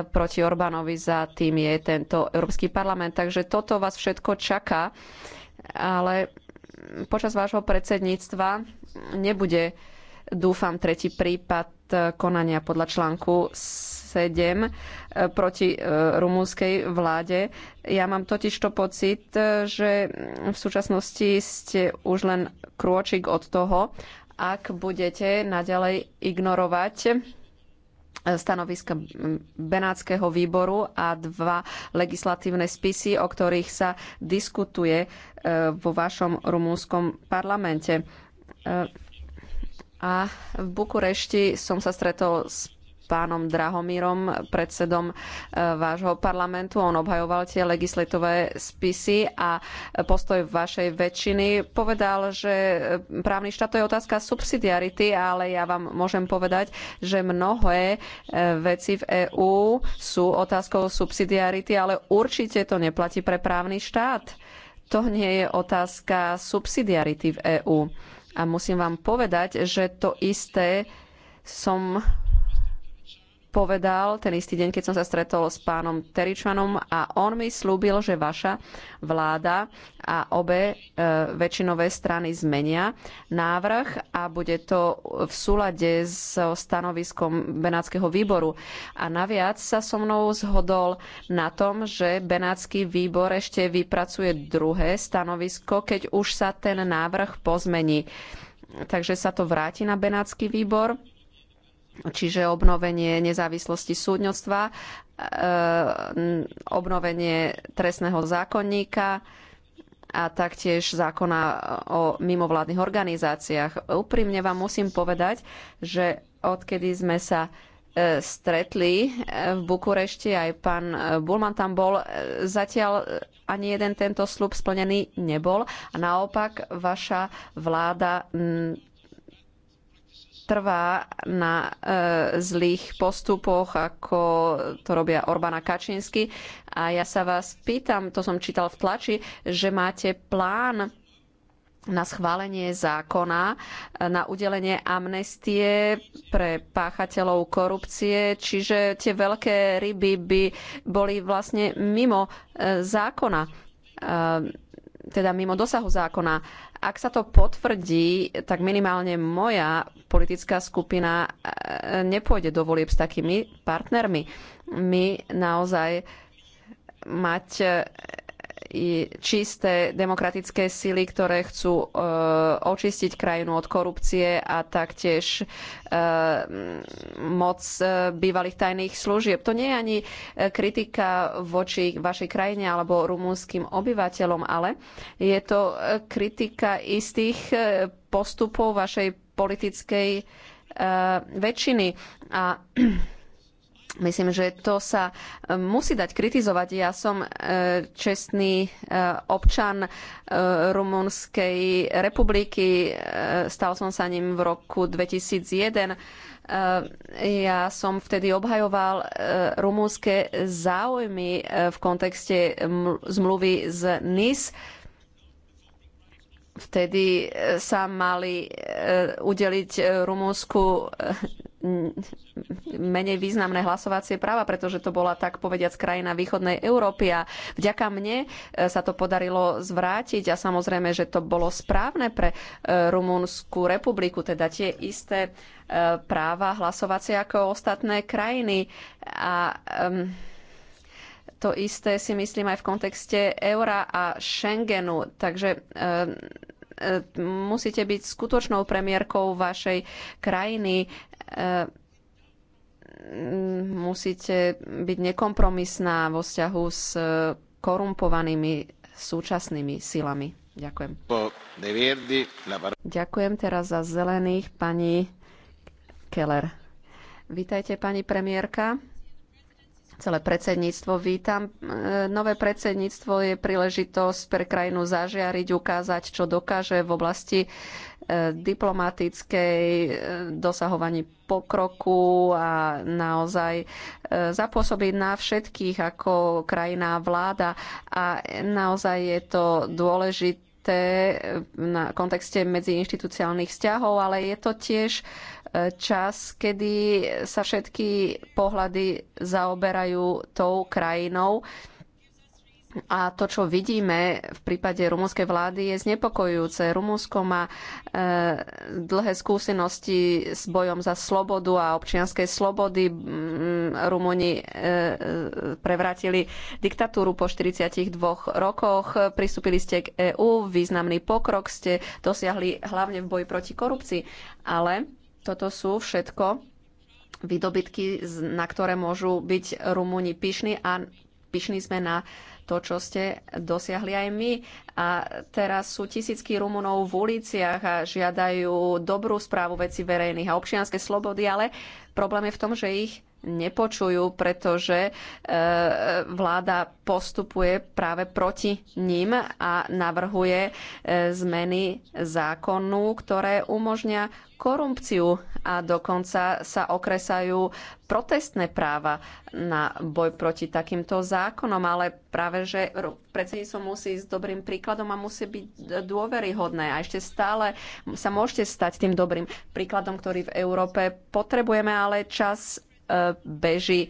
proti Orbánovi za tým je tento Európsky parlament. Takže toto vás všetko čaká, ale počas vášho predsedníctva nebude dúfam, tretí prípad e, konania podľa článku 7 e, proti e, rumúnskej vláde. Ja mám totiž to pocit, že mm, v súčasnosti ste už len krôčik od toho, ak budete naďalej ignorovať stanoviska Benátskeho výboru a dva legislatívne spisy, o ktorých sa diskutuje vo vašom rumúnskom parlamente. A v Bukurešti som sa stretol s pánom Drahomírom, predsedom e, vášho parlamentu. On obhajoval tie legislatové spisy a postoj vašej väčšiny povedal, že právny štát to je otázka subsidiarity, ale ja vám môžem povedať, že mnohé e, veci v EÚ sú otázkou subsidiarity, ale určite to neplatí pre právny štát. To nie je otázka subsidiarity v EÚ. A musím vám povedať, že to isté som povedal ten istý deň, keď som sa stretol s pánom Teričanom a on mi slúbil, že vaša vláda a obe e, väčšinové strany zmenia návrh a bude to v súlade s stanoviskom Benátskeho výboru. A naviac sa so mnou zhodol na tom, že Benátsky výbor ešte vypracuje druhé stanovisko, keď už sa ten návrh pozmení. Takže sa to vráti na Benátsky výbor čiže obnovenie nezávislosti súdnictva, e, obnovenie trestného zákonníka a taktiež zákona o mimovládnych organizáciách. Úprimne vám musím povedať, že odkedy sme sa e, stretli e, v Bukurešti, aj pán Bulman tam bol. Zatiaľ ani jeden tento slub splnený nebol a naopak vaša vláda trvá na e, zlých postupoch, ako to robia Orbán a Kačinsky. A ja sa vás pýtam, to som čítal v tlači, že máte plán na schválenie zákona e, na udelenie amnestie pre páchateľov korupcie, čiže tie veľké ryby by boli vlastne mimo e, zákona, e, teda mimo dosahu zákona ak sa to potvrdí, tak minimálne moja politická skupina e, nepôjde do volieb s takými partnermi. My naozaj mať i čisté demokratické sily, ktoré chcú e, očistiť krajinu od korupcie a taktiež e, moc e, bývalých tajných služieb. To nie je ani kritika voči vašej krajine alebo rumúnskym obyvateľom, ale je to kritika istých postupov vašej politickej väčšiny. A Myslím, že to sa e, musí dať kritizovať. Ja som e, čestný e, občan Rumunskej republiky. Stal som sa ním v roku 2001. Ja som vtedy obhajoval rumunské záujmy v kontexte zmluvy z NIS. Nice vtedy e, sa mali e, udeliť e, Rumúnsku menej významné hlasovacie práva, pretože to bola tak povediac krajina východnej Európy a vďaka mne sa to podarilo zvrátiť a samozrejme, že to bolo správne pre Rumúnsku republiku, teda tie isté práva hlasovacie ako ostatné krajiny. A um, to isté si myslím aj v kontexte eura a Schengenu. Takže e, e, musíte byť skutočnou premiérkou vašej krajiny. E, musíte byť nekompromisná vo vzťahu s korumpovanými súčasnými silami. Ďakujem. Ďakujem teraz za zelených pani Keller. Vítajte, pani premiérka celé predsedníctvo vítam. E, nové predsedníctvo je príležitosť pre krajinu zažiariť, ukázať, čo dokáže v oblasti e, diplomatickej, e, dosahovaní pokroku a naozaj zapôsobiť na všetkých ako krajina vláda. A naozaj je to dôležité na kontexte medziinštitucionálnych vzťahov, ale je to tiež čas, kedy sa všetky pohľady zaoberajú tou krajinou. A to, čo vidíme v prípade rumúnskej vlády, je znepokojujúce. Rumúnsko má e, dlhé skúsenosti s bojom za slobodu a občianskej slobody. Rumúni e, prevrátili diktatúru po 42 rokoch. Pristúpili ste k EÚ, významný pokrok ste dosiahli hlavne v boji proti korupcii. Ale toto sú všetko výdobytky, na ktoré môžu byť Rumúni pyšní a pyšní sme na to, čo ste dosiahli aj my. A teraz sú tisícky Rumunov v uliciach a žiadajú dobrú správu veci verejných a občianskej slobody, ale problém je v tom, že ich nepočujú, pretože e, vláda postupuje práve proti ním a navrhuje e, zmeny zákonu, ktoré umožňa korupciu a dokonca sa okresajú protestné práva na boj proti takýmto zákonom, ale práve, že predsedníctvo musí ísť dobrým príkladom a musí byť dôveryhodné a ešte stále sa môžete stať tým dobrým príkladom, ktorý v Európe potrebujeme, ale čas beží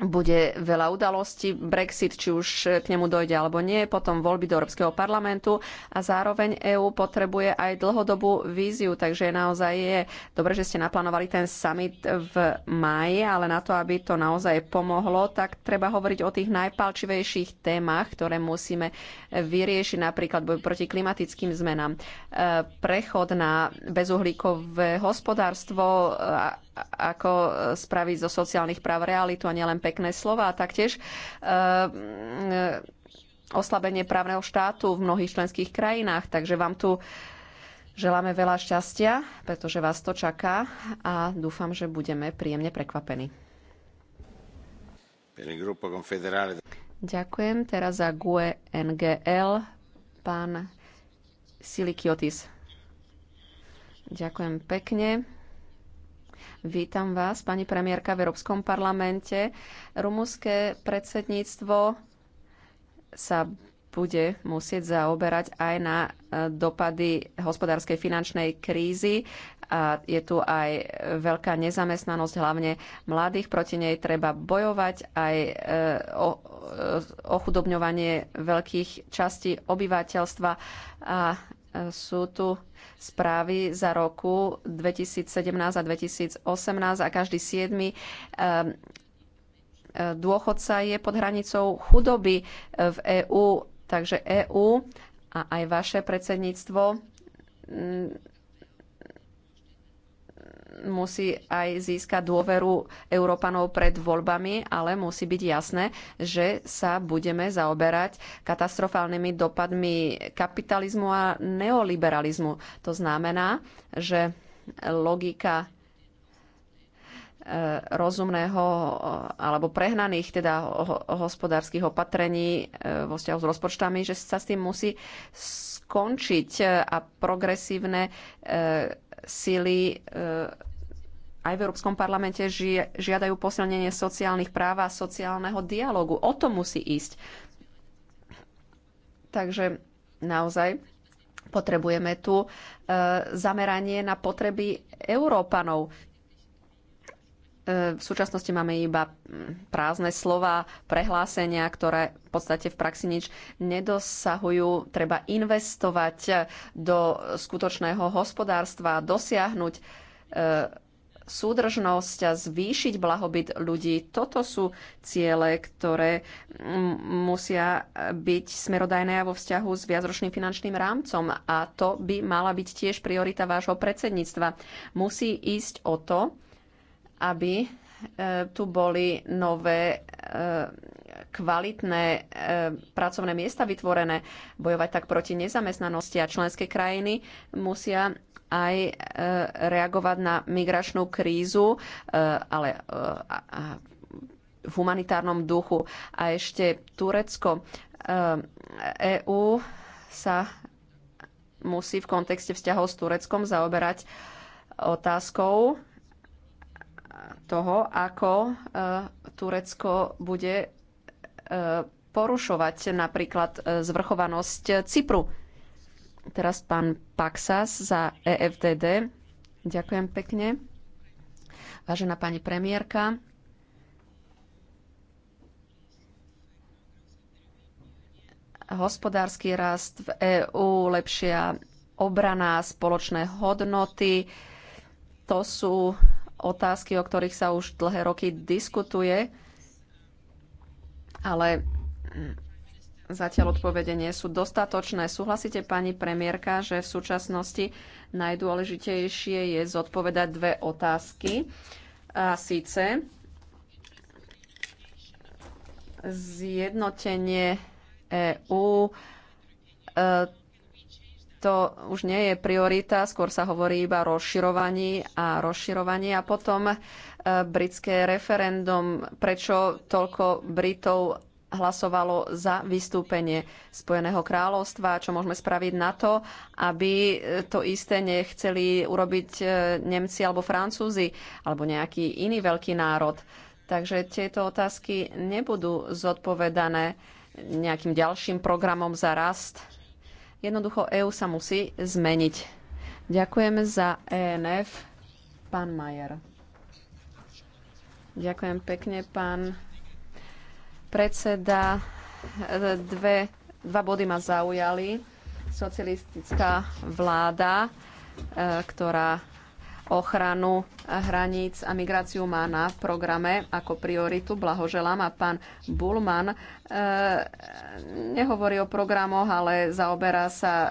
bude veľa udalostí, Brexit, či už k nemu dojde alebo nie, potom voľby do Európskeho parlamentu a zároveň EÚ potrebuje aj dlhodobú víziu, takže naozaj je dobre, že ste naplánovali ten summit v máji, ale na to, aby to naozaj pomohlo, tak treba hovoriť o tých najpalčivejších témach, ktoré musíme vyriešiť, napríklad boj proti klimatickým zmenám, e, prechod na bezuhlíkové hospodárstvo, ako spraviť zo sociálnych práv realitu a nielen pekné slova. A taktiež e, e, oslabenie právneho štátu v mnohých členských krajinách. Takže vám tu želáme veľa šťastia, pretože vás to čaká a dúfam, že budeme príjemne prekvapení. Ďakujem. Teraz za GUE NGL pán Silikiotis. Ďakujem pekne. Vítam vás, pani premiérka, v Európskom parlamente. Rumúnske predsedníctvo sa bude musieť zaoberať aj na e, dopady hospodárskej finančnej krízy. A je tu aj veľká nezamestnanosť, hlavne mladých. Proti nej treba bojovať aj e, e, ochudobňovanie veľkých častí obyvateľstva a sú tu správy za roku 2017 a 2018 a každý siedmy eh, eh, dôchodca je pod hranicou chudoby eh, v EÚ. Takže EÚ a aj vaše predsedníctvo mm, musí aj získať dôveru Európanov pred voľbami, ale musí byť jasné, že sa budeme zaoberať katastrofálnymi dopadmi kapitalizmu a neoliberalizmu. To znamená, že logika e, rozumného alebo prehnaných teda hospodárskych opatrení e, vo vzťahu s rozpočtami, že sa s tým musí skončiť e, a progresívne sily aj v Európskom parlamente žiadajú posilnenie sociálnych práv a sociálneho dialogu. O to musí ísť. Takže naozaj potrebujeme tu e, zameranie na potreby Európanov. E, v súčasnosti máme iba mm, prázdne slova, prehlásenia, ktoré v podstate v praxi nič nedosahujú. Treba investovať do skutočného hospodárstva, dosiahnuť e, súdržnosť a zvýšiť blahobyt ľudí. Toto sú ciele, ktoré mm, musia byť smerodajné vo vzťahu s viacročným finančným rámcom a to by mala byť tiež priorita vášho predsedníctva. Musí ísť o to, aby e, tu boli nové e, kvalitné e, pracovné miesta vytvorené, bojovať tak proti nezamestnanosti a členské krajiny musia aj e, reagovať na migračnú krízu, e, ale e, v humanitárnom duchu. A ešte Turecko. EÚ sa musí v kontexte vzťahov s Tureckom zaoberať otázkou toho, ako Turecko bude porušovať napríklad zvrchovanosť Cypru Teraz pán Paxas za EFTD. Ďakujem pekne. Vážená pani premiérka, hospodársky rast v EÚ, lepšia obrana, spoločné hodnoty, to sú otázky, o ktorých sa už dlhé roky diskutuje, ale Zatiaľ odpovede nie sú dostatočné. Súhlasíte, pani premiérka, že v súčasnosti najdôležitejšie je zodpovedať dve otázky. A síce zjednotenie EÚ e, to už nie je priorita, skôr sa hovorí iba o rozširovaní a rozširovaní a potom e, britské referendum, prečo toľko Britov hlasovalo za vystúpenie Spojeného kráľovstva, čo môžeme spraviť na to, aby to isté nechceli urobiť e, Nemci alebo Francúzi alebo nejaký iný veľký národ. Takže tieto otázky nebudú zodpovedané nejakým ďalším programom za rast. Jednoducho EÚ sa musí zmeniť. Ďakujeme za ENF, pán Majer. Ďakujem pekne, pán predseda. E, dve, dva body ma zaujali. Socialistická vláda, e, ktorá ochranu hraníc a migráciu má na programe ako prioritu. Blahoželám a pán Bulman e, nehovorí o programoch, ale zaoberá sa e,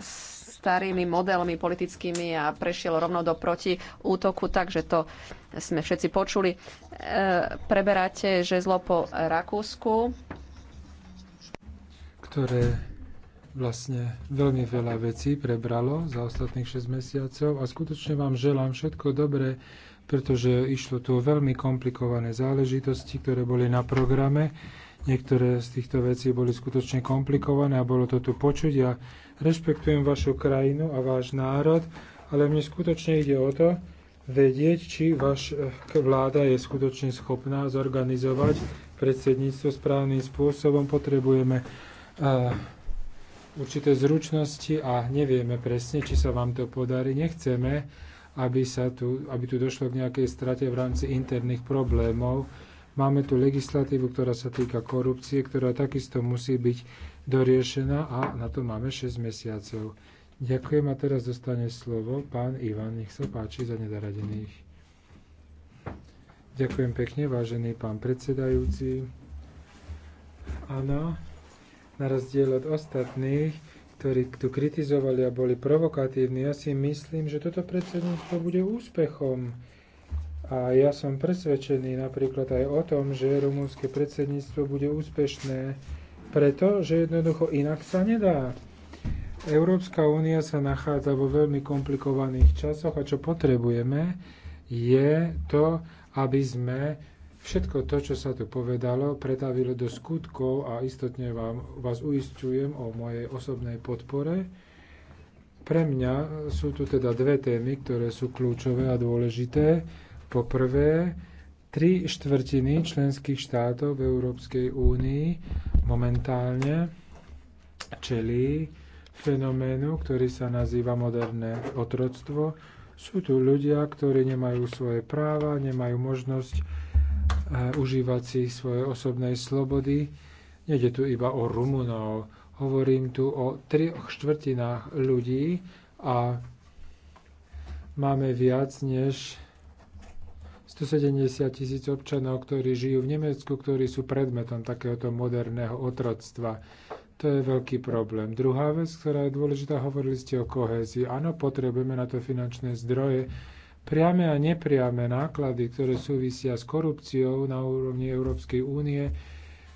s starými modelmi politickými a prešiel rovno do protiútoku, takže to sme všetci počuli. E, preberáte žezlo po Rakúsku. Ktoré vlastne veľmi veľa vecí prebralo za ostatných 6 mesiacov a skutočne vám želám všetko dobré, pretože išlo tu o veľmi komplikované záležitosti, ktoré boli na programe. Niektoré z týchto vecí boli skutočne komplikované a bolo to tu počuť a Rešpektujem vašu krajinu a váš národ, ale mne skutočne ide o to, vedieť, či vaša eh, vláda je skutočne schopná zorganizovať predsedníctvo správnym spôsobom. Potrebujeme uh, určité zručnosti a nevieme presne, či sa vám to podarí. Nechceme, aby, sa tu, aby tu došlo k nejakej strate v rámci interných problémov. Máme tu legislatívu, ktorá sa týka korupcie, ktorá takisto musí byť doriešená a na to máme 6 mesiacov. Ďakujem a teraz dostane slovo pán Ivan, nech sa páči za nedaradených. Ďakujem pekne, vážený pán predsedajúci. Áno, na rozdiel od ostatných, ktorí tu kritizovali a boli provokatívni, ja si myslím, že toto predsedníctvo bude úspechom. A ja som presvedčený napríklad aj o tom, že rumúnske predsedníctvo bude úspešné preto, že jednoducho inak sa nedá. Európska únia sa nachádza vo veľmi komplikovaných časoch a čo potrebujeme je to, aby sme všetko to, čo sa tu povedalo, pretavilo do skutkov a istotne vám, vás uistujem o mojej osobnej podpore. Pre mňa sú tu teda dve témy, ktoré sú kľúčové a dôležité. Po prvé, Tri štvrtiny členských štátov v Európskej únii momentálne čelí fenoménu, ktorý sa nazýva moderné otroctvo. Sú tu ľudia, ktorí nemajú svoje práva, nemajú možnosť eh, užívať si svoje osobnej slobody. Nede tu iba o Rumunov. Hovorím tu o troch štvrtinách ľudí a máme viac než 170 tisíc občanov, ktorí žijú v Nemecku, ktorí sú predmetom takéhoto moderného otroctva. To je veľký problém. Druhá vec, ktorá je dôležitá, hovorili ste o kohézii. Áno, potrebujeme na to finančné zdroje, priame a nepriame náklady, ktoré súvisia s korupciou na úrovni Európskej únie,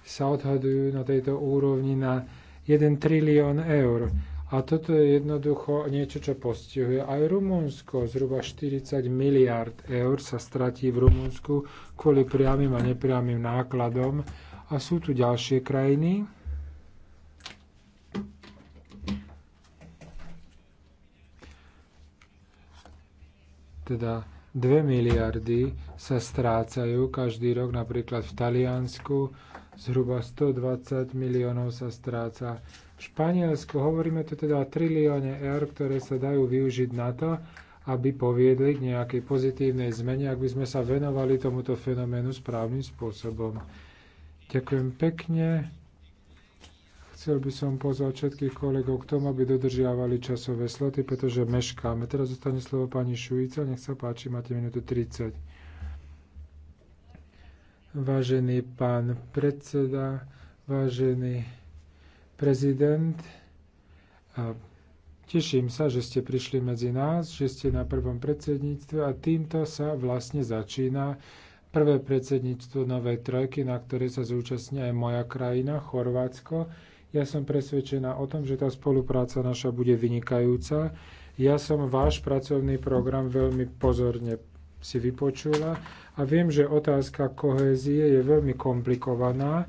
sa odhadujú na tejto úrovni na 1 trilión eur. A toto je jednoducho niečo, čo postihuje aj Rumunsko. Zhruba 40 miliard eur sa stratí v Rumunsku kvôli priamým a nepriamým nákladom. A sú tu ďalšie krajiny, teda 2 miliardy sa strácajú každý rok, napríklad v Taliansku zhruba 120 miliónov sa stráca v Španielsku hovoríme tu teda o trilióne eur, ktoré sa dajú využiť na to, aby poviedli k nejakej pozitívnej zmene, ak by sme sa venovali tomuto fenoménu správnym spôsobom. Ďakujem pekne. Chcel by som pozvať všetkých kolegov k tomu, aby dodržiavali časové sloty, pretože meškáme. Teraz zostane slovo pani Šujica. Nech sa páči, máte minútu 30. Vážený pán predseda, vážený prezident. A teším sa, že ste prišli medzi nás, že ste na prvom predsedníctve a týmto sa vlastne začína prvé predsedníctvo Novej trojky, na ktoré sa zúčastní aj moja krajina, Chorvátsko. Ja som presvedčená o tom, že tá spolupráca naša bude vynikajúca. Ja som váš pracovný program veľmi pozorne si vypočula a viem, že otázka kohézie je veľmi komplikovaná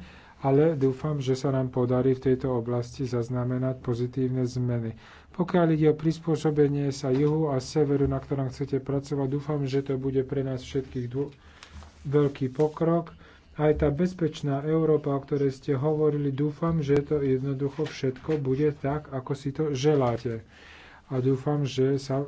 ale dúfam, že sa nám podarí v tejto oblasti zaznamenať pozitívne zmeny. Pokiaľ ide o prispôsobenie sa juhu a severu, na ktorom chcete pracovať, dúfam, že to bude pre nás všetkých veľký pokrok. Aj tá bezpečná Európa, o ktorej ste hovorili, dúfam, že to jednoducho všetko bude tak, ako si to želáte a dúfam, že sa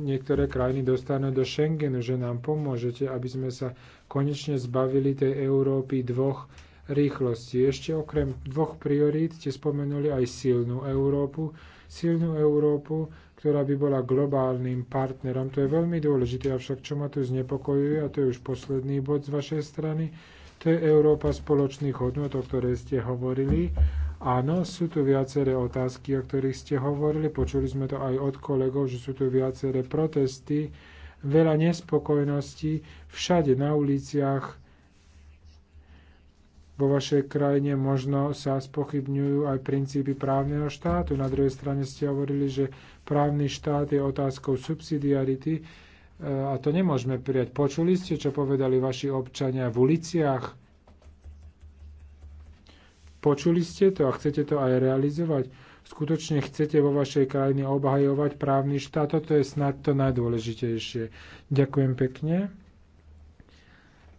niektoré krajiny dostanú do Schengenu, že nám pomôžete, aby sme sa konečne zbavili tej Európy dvoch rýchlosti. Ešte okrem dvoch priorít ste spomenuli aj silnú Európu. Silnú Európu, ktorá by bola globálnym partnerom. To je veľmi dôležité, avšak čo ma tu znepokojuje, a to je už posledný bod z vašej strany, to je Európa spoločných hodnot, o ktorej ste hovorili. Áno, sú tu viaceré otázky, o ktorých ste hovorili. Počuli sme to aj od kolegov, že sú tu viaceré protesty, veľa nespokojností všade na uliciach vo vašej krajine možno sa spochybňujú aj princípy právneho štátu. Na druhej strane ste hovorili, že právny štát je otázkou subsidiarity e, a to nemôžeme prijať. Počuli ste, čo povedali vaši občania v uliciach? Počuli ste to a chcete to aj realizovať? skutočne chcete vo vašej krajine obhajovať právny štát, toto je snad to najdôležitejšie. Ďakujem pekne.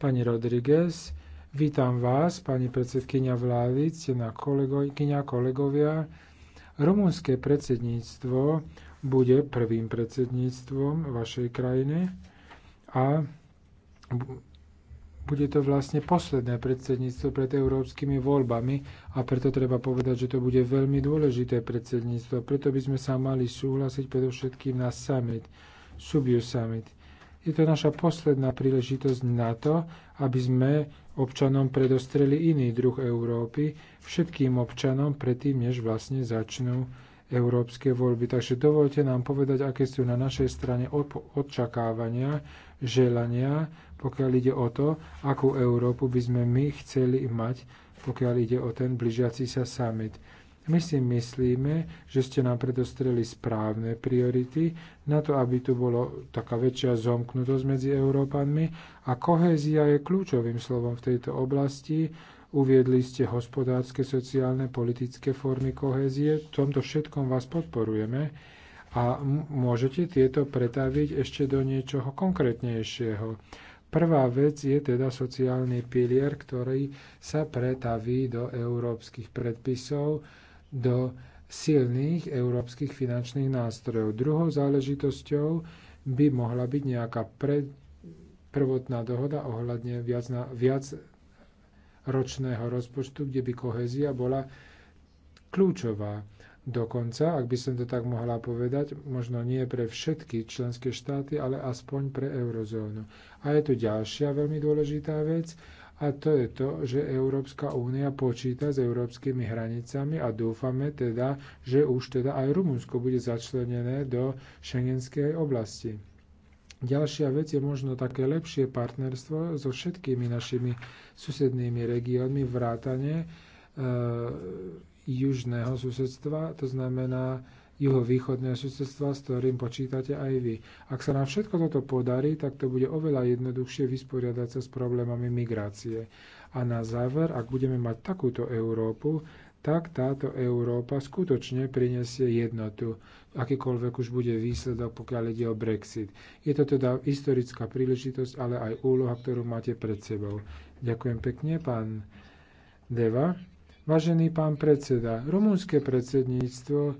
Pani Rodriguez, Vítam vás, pani predsedkynia vlády, cená kolegyňa, kolegovia. Rumunské predsedníctvo bude prvým predsedníctvom vašej krajiny a bude to vlastne posledné predsedníctvo pred európskymi voľbami a preto treba povedať, že to bude veľmi dôležité predsedníctvo. Preto by sme sa mali súhlasiť predovšetkým na summit, Subiu summit. Je to naša posledná príležitosť na to, aby sme občanom predostreli iný druh Európy, všetkým občanom predtým, než vlastne začnú európske voľby. Takže dovolte nám povedať, aké sú na našej strane očakávania, želania, pokiaľ ide o to, akú Európu by sme my chceli mať, pokiaľ ide o ten blížiaci sa summit. My si myslíme, že ste nám predostreli správne priority na to, aby tu bolo taká väčšia zomknutosť medzi Európanmi a kohézia je kľúčovým slovom v tejto oblasti. Uviedli ste hospodárske, sociálne, politické formy kohézie. V tomto všetkom vás podporujeme a môžete tieto pretaviť ešte do niečoho konkrétnejšieho. Prvá vec je teda sociálny pilier, ktorý sa pretaví do európskych predpisov do silných európskych finančných nástrojov. Druhou záležitosťou by mohla byť nejaká pre, prvotná dohoda ohľadne viac, na, viac ročného rozpočtu, kde by kohézia bola kľúčová. Dokonca, ak by som to tak mohla povedať, možno nie pre všetky členské štáty, ale aspoň pre eurozónu. A je tu ďalšia veľmi dôležitá vec, a to je to, že Európska únia počíta s európskymi hranicami a dúfame teda, že už teda aj Rumunsko bude začlenené do šengenskej oblasti. Ďalšia vec je možno také lepšie partnerstvo so všetkými našimi susednými regiónmi vrátane e, južného susedstva, to znamená východné susedstva, s ktorým počítate aj vy. Ak sa nám všetko toto podarí, tak to bude oveľa jednoduchšie vysporiadať sa s problémami migrácie. A na záver, ak budeme mať takúto Európu, tak táto Európa skutočne prinesie jednotu, akýkoľvek už bude výsledok, pokiaľ ide o Brexit. Je to teda historická príležitosť, ale aj úloha, ktorú máte pred sebou. Ďakujem pekne, pán Deva. Vážený pán predseda, rumúnske predsedníctvo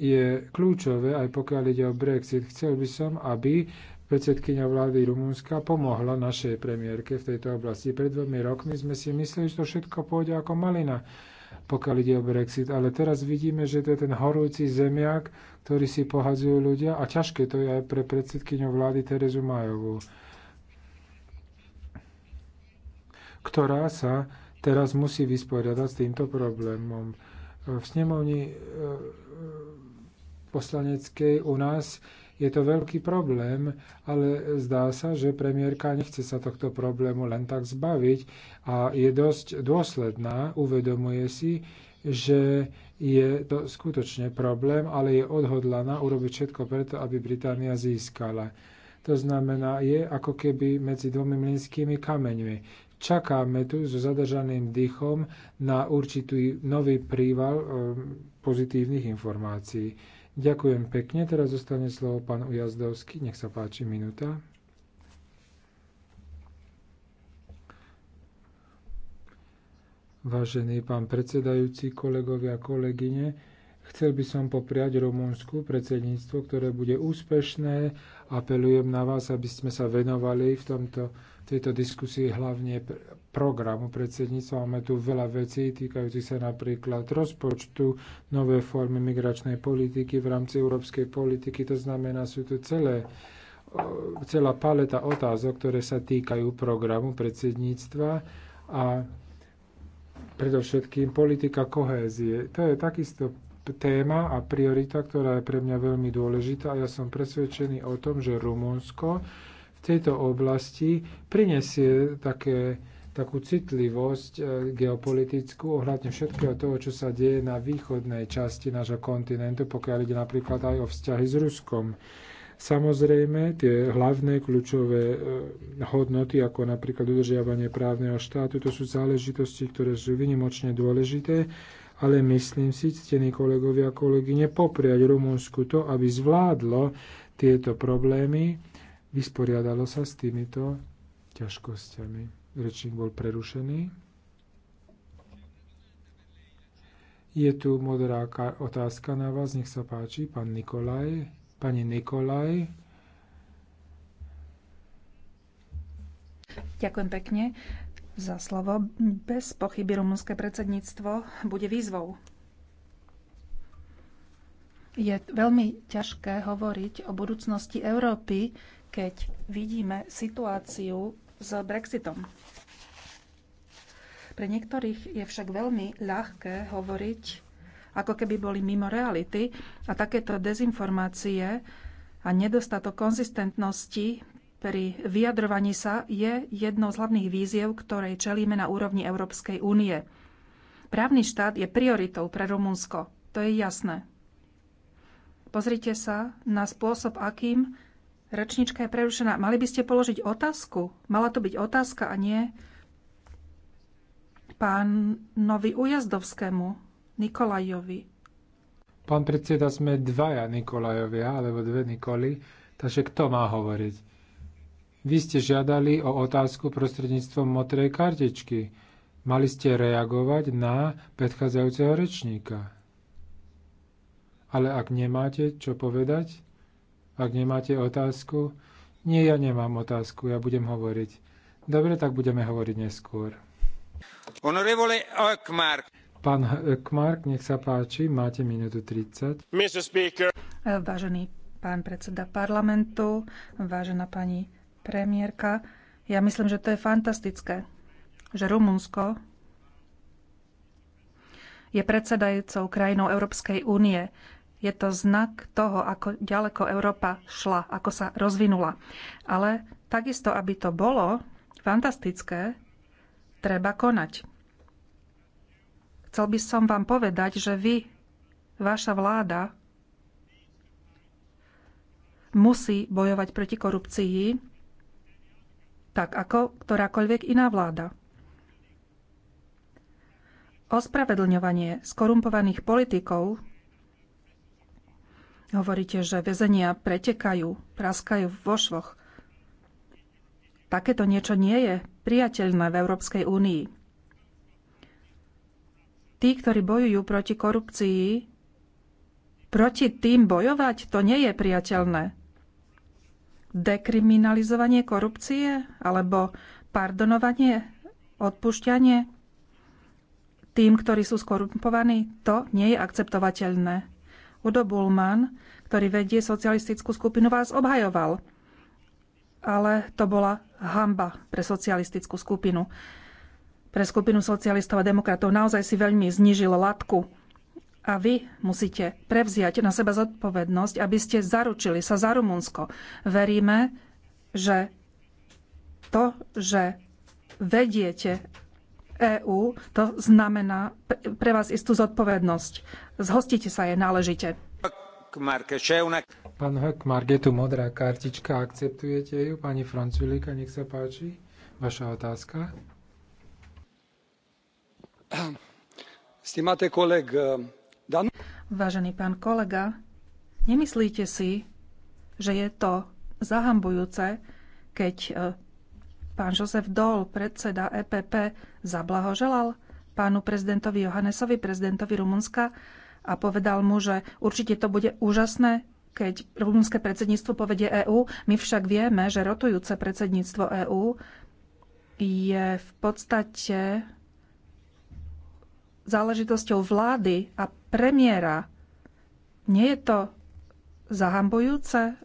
je kľúčové, aj pokiaľ ide o Brexit. Chcel by som, aby predsedkynia vlády Rumunska pomohla našej premiérke v tejto oblasti. Pred dvomi rokmi sme si mysleli, že to všetko pôjde ako malina, pokiaľ ide o Brexit. Ale teraz vidíme, že to je ten horúci zemiak, ktorý si pohadzujú ľudia a ťažké to je aj pre predsedkyňu vlády Terezu Majovú, ktorá sa teraz musí vysporiadať s týmto problémom. V snemovni e, poslaneckej u nás je to veľký problém, ale zdá sa, že premiérka nechce sa tohto problému len tak zbaviť a je dosť dôsledná, uvedomuje si, že je to skutočne problém, ale je odhodlaná urobiť všetko preto, aby Británia získala. To znamená, je ako keby medzi dvomi mlinskými kameňmi. Čakáme tu so zadržaným dýchom na určitý nový príval ehm, pozitívnych informácií. Ďakujem pekne. Teraz zostane slovo pán Ujazdovský. Nech sa páči, minúta. Vážený pán predsedajúci, kolegovia kolegyne, chcel by som popriať Rumúnsku predsedníctvo, ktoré bude úspešné. Apelujem na vás, aby sme sa venovali v tomto, tejto diskusii hlavne programu predsedníctva. Máme tu veľa vecí týkajúcich sa napríklad rozpočtu, nové formy migračnej politiky v rámci európskej politiky. To znamená, sú tu celé, celá paleta otázok, ktoré sa týkajú programu predsedníctva a predovšetkým politika kohézie. To je takisto téma a priorita, ktorá je pre mňa veľmi dôležitá a ja som presvedčený o tom, že Rumunsko v tejto oblasti prinesie také takú citlivosť e, geopolitickú ohľadne všetkého toho, čo sa deje na východnej časti nášho kontinentu, pokiaľ ide napríklad aj o vzťahy s Ruskom. Samozrejme, tie hlavné kľúčové e, hodnoty, ako napríklad udržiavanie právneho štátu, to sú záležitosti, ktoré sú vynimočne dôležité, ale myslím si, ctení kolegovia a kolegyne, popriať Rumunsku to, aby zvládlo tieto problémy, vysporiadalo sa s týmito ťažkosťami. Rečník bol prerušený. Je tu modrá otázka na vás, nech sa páči, pán Nikolaj. Pani Nikolaj. Ďakujem pekne za slovo. Bez pochyby rumunské predsedníctvo bude výzvou je veľmi ťažké hovoriť o budúcnosti Európy, keď vidíme situáciu s Brexitom. Pre niektorých je však veľmi ľahké hovoriť, ako keby boli mimo reality a takéto dezinformácie a nedostatok konzistentnosti pri vyjadrovaní sa je jednou z hlavných víziev, ktorej čelíme na úrovni Európskej únie. Právny štát je prioritou pre Rumunsko, to je jasné. Pozrite sa na spôsob, akým rečnička je prerušená. Mali by ste položiť otázku. Mala to byť otázka a nie pánovi Ujazdovskému Nikolajovi. Pán predseda, sme dvaja Nikolajovia, alebo dve Nikoli, takže kto má hovoriť? Vy ste žiadali o otázku prostredníctvom motrej kartičky. Mali ste reagovať na predchádzajúceho rečníka. Ale ak nemáte čo povedať, ak nemáte otázku, nie, ja nemám otázku, ja budem hovoriť. Dobre, tak budeme hovoriť neskôr. Pán Ökmark, nech sa páči, máte minútu 30. Mr. Speaker. Vážený pán predseda parlamentu, vážená pani premiérka, ja myslím, že to je fantastické, že Rumunsko je predsedajúcou krajinou Európskej únie. Je to znak toho, ako ďaleko Európa šla, ako sa rozvinula. Ale takisto, aby to bolo fantastické, treba konať. Chcel by som vám povedať, že vy, vaša vláda, musí bojovať proti korupcii, tak ako ktorákoľvek iná vláda. Ospravedlňovanie skorumpovaných politikov Hovoríte, že väzenia pretekajú, praskajú vo švoch. Takéto niečo nie je priateľné v Európskej únii. Tí, ktorí bojujú proti korupcii, proti tým bojovať, to nie je priateľné. Dekriminalizovanie korupcie alebo pardonovanie, odpušťanie tým, ktorí sú skorumpovaní, to nie je akceptovateľné. Udo Bullman, ktorý vedie socialistickú skupinu, vás obhajoval. Ale to bola hamba pre socialistickú skupinu. Pre skupinu socialistov a demokratov naozaj si veľmi znižil latku. A vy musíte prevziať na seba zodpovednosť, aby ste zaručili sa za Rumunsko. Veríme, že to, že vediete EÚ, to znamená pre vás istú zodpovednosť. Zhostite sa je náležite. Pán Hökmark, je tu modrá kartička, akceptujete ju? Pani Franculika, nech sa páči. Vaša otázka. Stimate koleg, eh, Dan... Vážený pán kolega, nemyslíte si, že je to zahambujúce, keď eh, pán Jozef Dol, predseda EPP, zablahoželal pánu prezidentovi Johannesovi, prezidentovi Rumunska, a povedal mu, že určite to bude úžasné, keď rumunské predsedníctvo povedie EÚ. My však vieme, že rotujúce predsedníctvo EÚ je v podstate záležitosťou vlády a premiéra. Nie je to zahambujúce,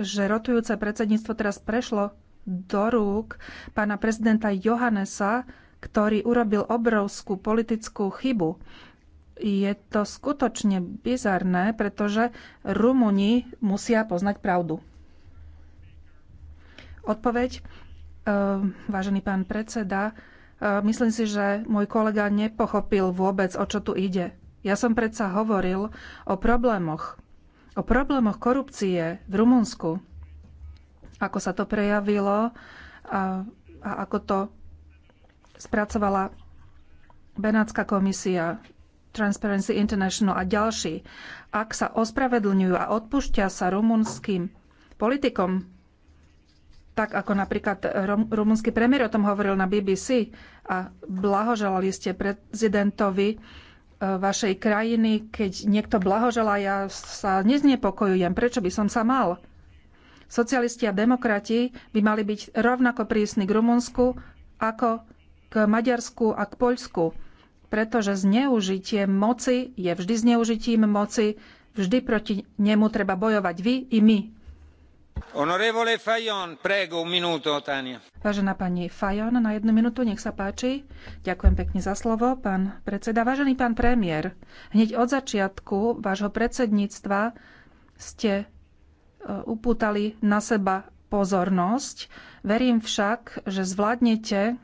že rotujúce predsedníctvo teraz prešlo do rúk pána prezidenta Johannesa, ktorý urobil obrovskú politickú chybu je to skutočne bizarné, pretože Rumúni musia poznať pravdu. Odpoveď, e, vážený pán predseda, e, myslím si, že môj kolega nepochopil vôbec, o čo tu ide. Ja som predsa hovoril o problémoch, o problémoch korupcie v Rumunsku, ako sa to prejavilo a, a ako to spracovala Benátska komisia, Transparency International a ďalší, ak sa ospravedlňujú a odpúšťa sa rumunským politikom, tak ako napríklad rumunský premiér o tom hovoril na BBC a blahoželali ste prezidentovi e, vašej krajiny, keď niekto blahoželá, ja sa neznepokojujem, prečo by som sa mal. Socialisti a demokrati by mali byť rovnako prísni k Rumunsku ako k Maďarsku a k Poľsku pretože zneužitie moci je vždy zneužitím moci, vždy proti nemu treba bojovať vy i my. Fajon, prego, minuto, Vážená pani Fajon, na jednu minútu, nech sa páči. Ďakujem pekne za slovo, pán predseda. Vážený pán premiér, hneď od začiatku vášho predsedníctva ste e, upútali na seba pozornosť. Verím však, že zvládnete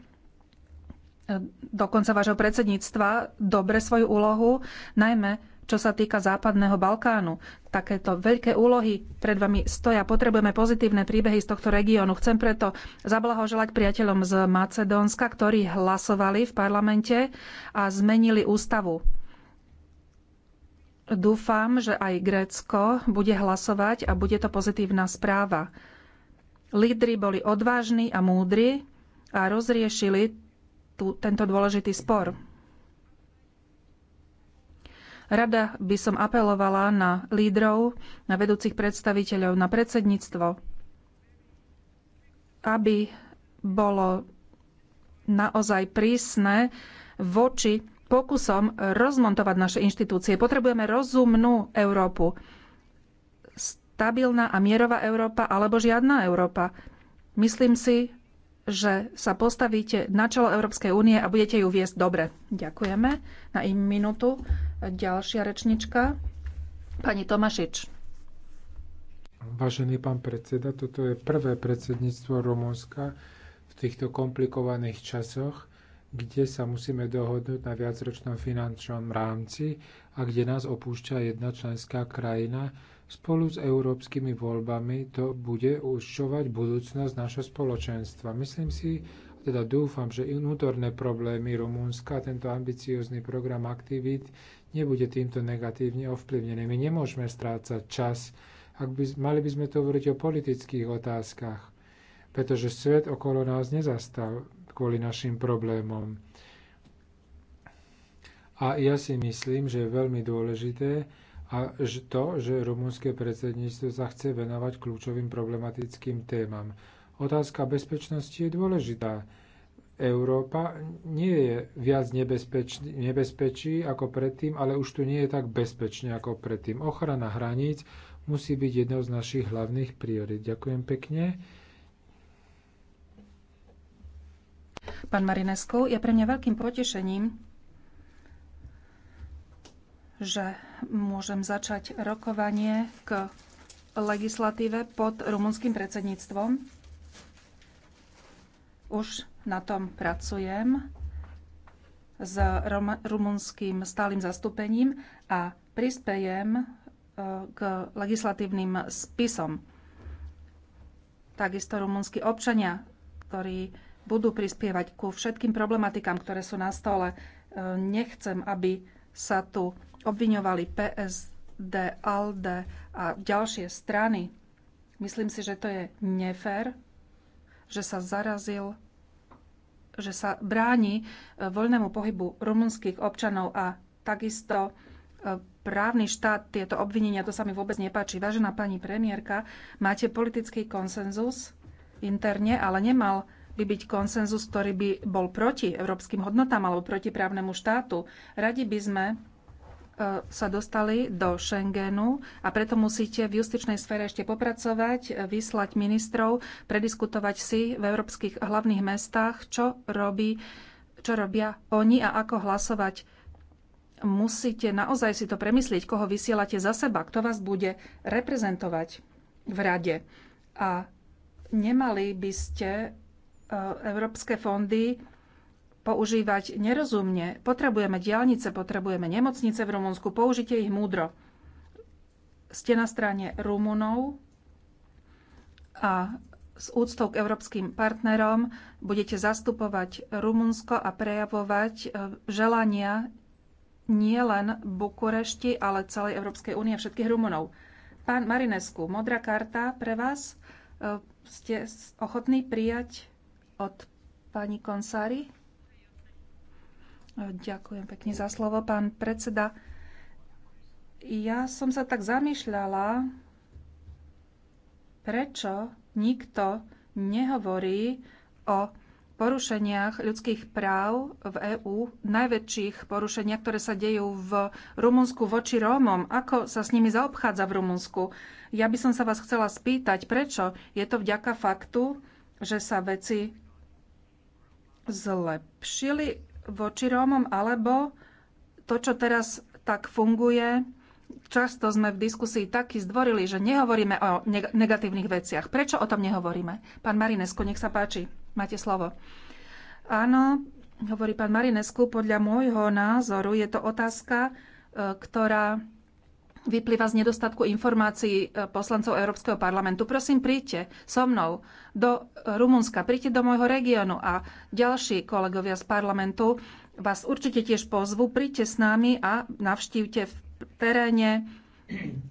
do konca vášho predsedníctva dobre svoju úlohu, najmä čo sa týka Západného Balkánu. Takéto veľké úlohy pred vami stoja. Potrebujeme pozitívne príbehy z tohto regiónu. Chcem preto zablahoželať priateľom z Macedónska, ktorí hlasovali v parlamente a zmenili ústavu. Dúfam, že aj Grécko bude hlasovať a bude to pozitívna správa. Lídry boli odvážni a múdri a rozriešili tú, tento dôležitý spor. Rada by som apelovala na lídrov, na vedúcich predstaviteľov, na predsedníctvo, aby bolo naozaj prísne voči pokusom rozmontovať naše inštitúcie. Potrebujeme rozumnú Európu. Stabilná a mierová Európa alebo žiadna Európa. Myslím si, že sa postavíte na čelo Európskej únie a budete ju viesť dobre. Ďakujeme. Na im minútu ďalšia rečnička, pani Tomašič. Vážený pán predseda, toto je prvé predsedníctvo Rumunska v týchto komplikovaných časoch, kde sa musíme dohodnúť na viacročnom finančnom rámci a kde nás opúšťa jedna členská krajina, Spolu s európskymi voľbami to bude určovať budúcnosť našho spoločenstva. Myslím si, teda dúfam, že vnútorné problémy Rumúnska, tento ambiciózny program aktivít nebude týmto negatívne ovplyvnený. My nemôžeme strácať čas, ak by, mali by sme to hovoriť o politických otázkach, pretože svet okolo nás nezastal kvôli našim problémom. A ja si myslím, že je veľmi dôležité, a to, že rumunské predsedníctvo sa chce venovať kľúčovým problematickým témam. Otázka bezpečnosti je dôležitá. Európa nie je viac nebezpečí ako predtým, ale už tu nie je tak bezpečne ako predtým. Ochrana hraníc musí byť jednou z našich hlavných priorit. Ďakujem pekne. Pán Marinesko, je pre mňa veľkým potešením, že môžem začať rokovanie k legislatíve pod rumunským predsedníctvom. Už na tom pracujem s rumunským stálym zastúpením a prispejem e, k legislatívnym spisom. Takisto rumunskí občania, ktorí budú prispievať ku všetkým problematikám, ktoré sú na stole. E, nechcem, aby sa tu obviňovali PSD, ALDE a ďalšie strany. Myslím si, že to je nefér, že sa zarazil, že sa bráni e, voľnému pohybu rumunských občanov a takisto e, právny štát, tieto obvinenia, to sa mi vôbec nepáči. Vážená pani premiérka, máte politický konsenzus interne, ale nemal by byť konsenzus, ktorý by bol proti európskym hodnotám alebo proti právnemu štátu. Radi by sme E, sa dostali do Schengenu a preto musíte v justičnej sfére ešte popracovať, e, vyslať ministrov, prediskutovať si v európskych hlavných mestách, čo, robí, čo robia oni a ako hlasovať. Musíte naozaj si to premyslieť, koho vysielate za seba, kto vás bude reprezentovať v rade. A nemali by ste e, európske fondy používať nerozumne. Potrebujeme diálnice, potrebujeme nemocnice v Rumunsku, použite ich múdro. Ste na strane Rumunov a s úctou k európskym partnerom budete zastupovať Rumunsko a prejavovať e, želania nielen Bukurešti, ale celej Európskej únie a všetkých Rumunov. Pán Marinescu, modrá karta pre vás. E, ste ochotní prijať od pani Konsári? Ďakujem pekne za slovo, pán predseda. Ja som sa tak zamýšľala, prečo nikto nehovorí o porušeniach ľudských práv v EÚ, najväčších porušeniach, ktoré sa dejú v Rumunsku voči Rómom. Ako sa s nimi zaobchádza v Rumunsku? Ja by som sa vás chcela spýtať, prečo je to vďaka faktu, že sa veci zlepšili voči Rómom, alebo to, čo teraz tak funguje, často sme v diskusii takí zdvorili, že nehovoríme o negatívnych veciach. Prečo o tom nehovoríme? Pán Marinesku, nech sa páči, máte slovo. Áno, hovorí pán Marinesku, podľa môjho názoru je to otázka, e, ktorá vyplýva z nedostatku informácií e, poslancov Európskeho parlamentu. Prosím, príďte so mnou do Rumunska, príďte do môjho regiónu a ďalší kolegovia z parlamentu vás určite tiež pozvu. Príďte s nami a navštívte v teréne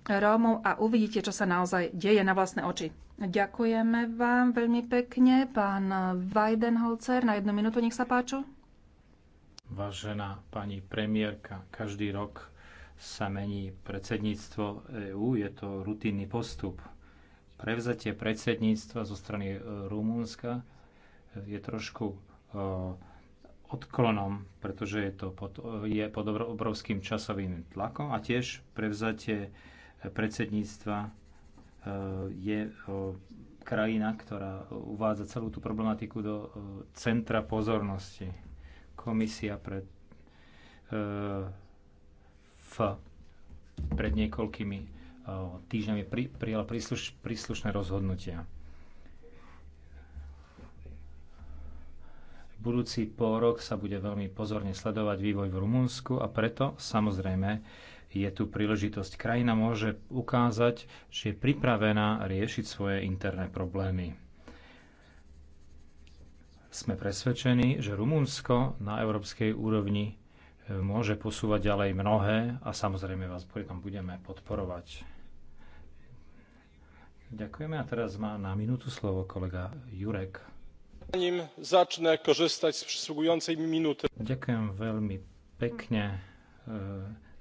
Rómov a uvidíte, čo sa naozaj deje na vlastné oči. Ďakujeme vám veľmi pekne, pán Weidenholzer. Na jednu minútu nech sa páču. Vážená pani premiérka, každý rok sa mení predsedníctvo EÚ, je to rutinný postup. Prevzatie predsedníctva zo strany e, Rumúnska e, je trošku e, odklonom, pretože je to pod, je pod obrovským časovým tlakom a tiež prevzatie predsedníctva je krajina, ktorá uvádza celú tú problematiku do centra pozornosti. Komisia pre pred niekoľkými eh, týždňami pri, prísluš, príslušné rozhodnutia. Budúci pôrok sa bude veľmi pozorne sledovať vývoj v Rumunsku a preto samozrejme je tu príležitosť. Krajina môže ukázať, že je pripravená riešiť svoje interné problémy. Sme presvedčení, že Rumunsko na európskej úrovni môže posúvať ďalej mnohé a samozrejme vás pri tom budeme podporovať. Ďakujeme a teraz má na minútu slovo kolega Jurek. Zanim začne korzystać z przysługującej minuty. Ďakujem veľmi pekne. E,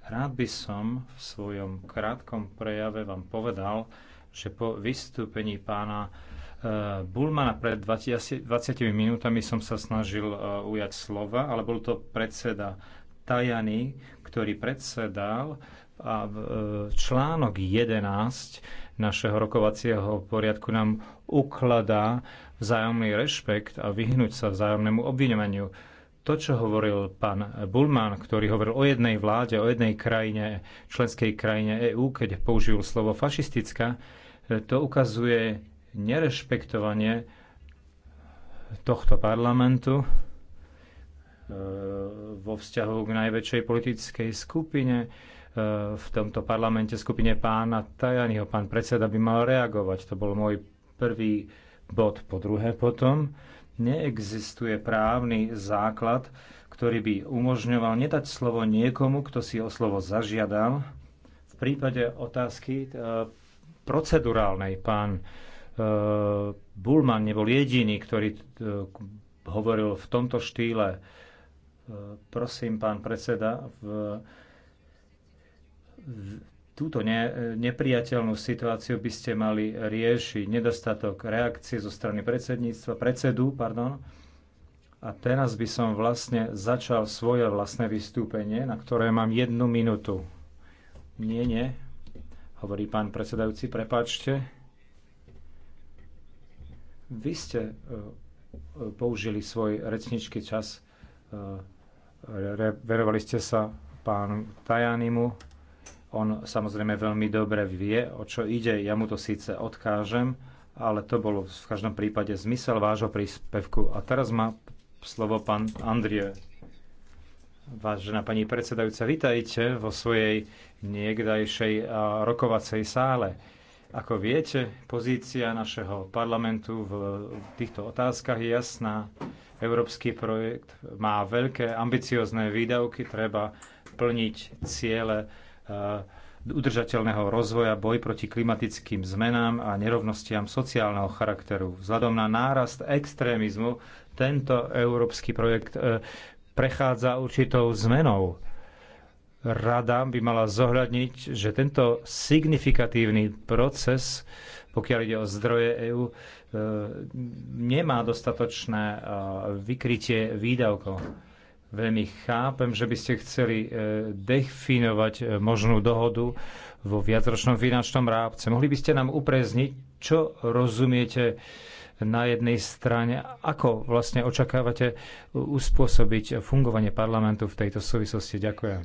rád by som v svojom krátkom prejave vám povedal, že po vystúpení pána e, Bulmana pred 20, 20 minútami som sa snažil e, ujať slova, ale bol to predseda Tajany, ktorý predsedal, a e, článok 11 našeho rokovacieho poriadku nám ukladá vzájomný rešpekt a vyhnúť sa vzájomnému obviňovaniu. To, čo hovoril pán Bulman, ktorý hovoril o jednej vláde, o jednej krajine, členskej krajine EÚ, keď použil slovo fašistická, e, to ukazuje nerešpektovanie tohto parlamentu, E, vo vzťahu k najväčšej politickej skupine e, v tomto parlamente, skupine pána Tajaniho. Pán predseda by mal reagovať. To bol môj prvý bod. Po druhé potom neexistuje právny základ, ktorý by umožňoval nedať slovo niekomu, kto si o slovo zažiadal. V prípade otázky e, procedurálnej pán Bulman nebol jediný, ktorý hovoril v tomto štýle Prosím, pán predseda, v, v túto ne, nepriateľnú situáciu by ste mali riešiť. Nedostatok reakcie zo strany predsedníctva, predsedu, pardon. A teraz by som vlastne začal svoje vlastné vystúpenie, na ktoré mám jednu minútu. Nie, nie, hovorí pán predsedajúci, prepáčte. Vy ste e, e, použili svoj rečničký čas e, Verovali ste sa pánu Tajanimu. On samozrejme veľmi dobre vie, o čo ide. Ja mu to síce odkážem, ale to bolo v každom prípade zmysel vášho príspevku. A teraz má slovo pán Andrie. Vážená pani predsedajúca, vitajte vo svojej niekdajšej rokovacej sále. Ako viete, pozícia našeho parlamentu v týchto otázkach je jasná. Európsky projekt má veľké ambiciozne výdavky, treba plniť ciele e, udržateľného rozvoja, boj proti klimatickým zmenám a nerovnostiam sociálneho charakteru. Vzhľadom na nárast extrémizmu tento európsky projekt e, prechádza určitou zmenou. Rada by mala zohľadniť, že tento signifikatívny proces, pokiaľ ide o zdroje EÚ, E, nemá dostatočné e, vykrytie výdavkov. Veľmi chápem, že by ste chceli e, definovať možnú dohodu vo viacročnom finančnom rábce. Mohli by ste nám uprezniť, čo rozumiete na jednej strane, ako vlastne očakávate uspôsobiť fungovanie parlamentu v tejto súvislosti. Ďakujem.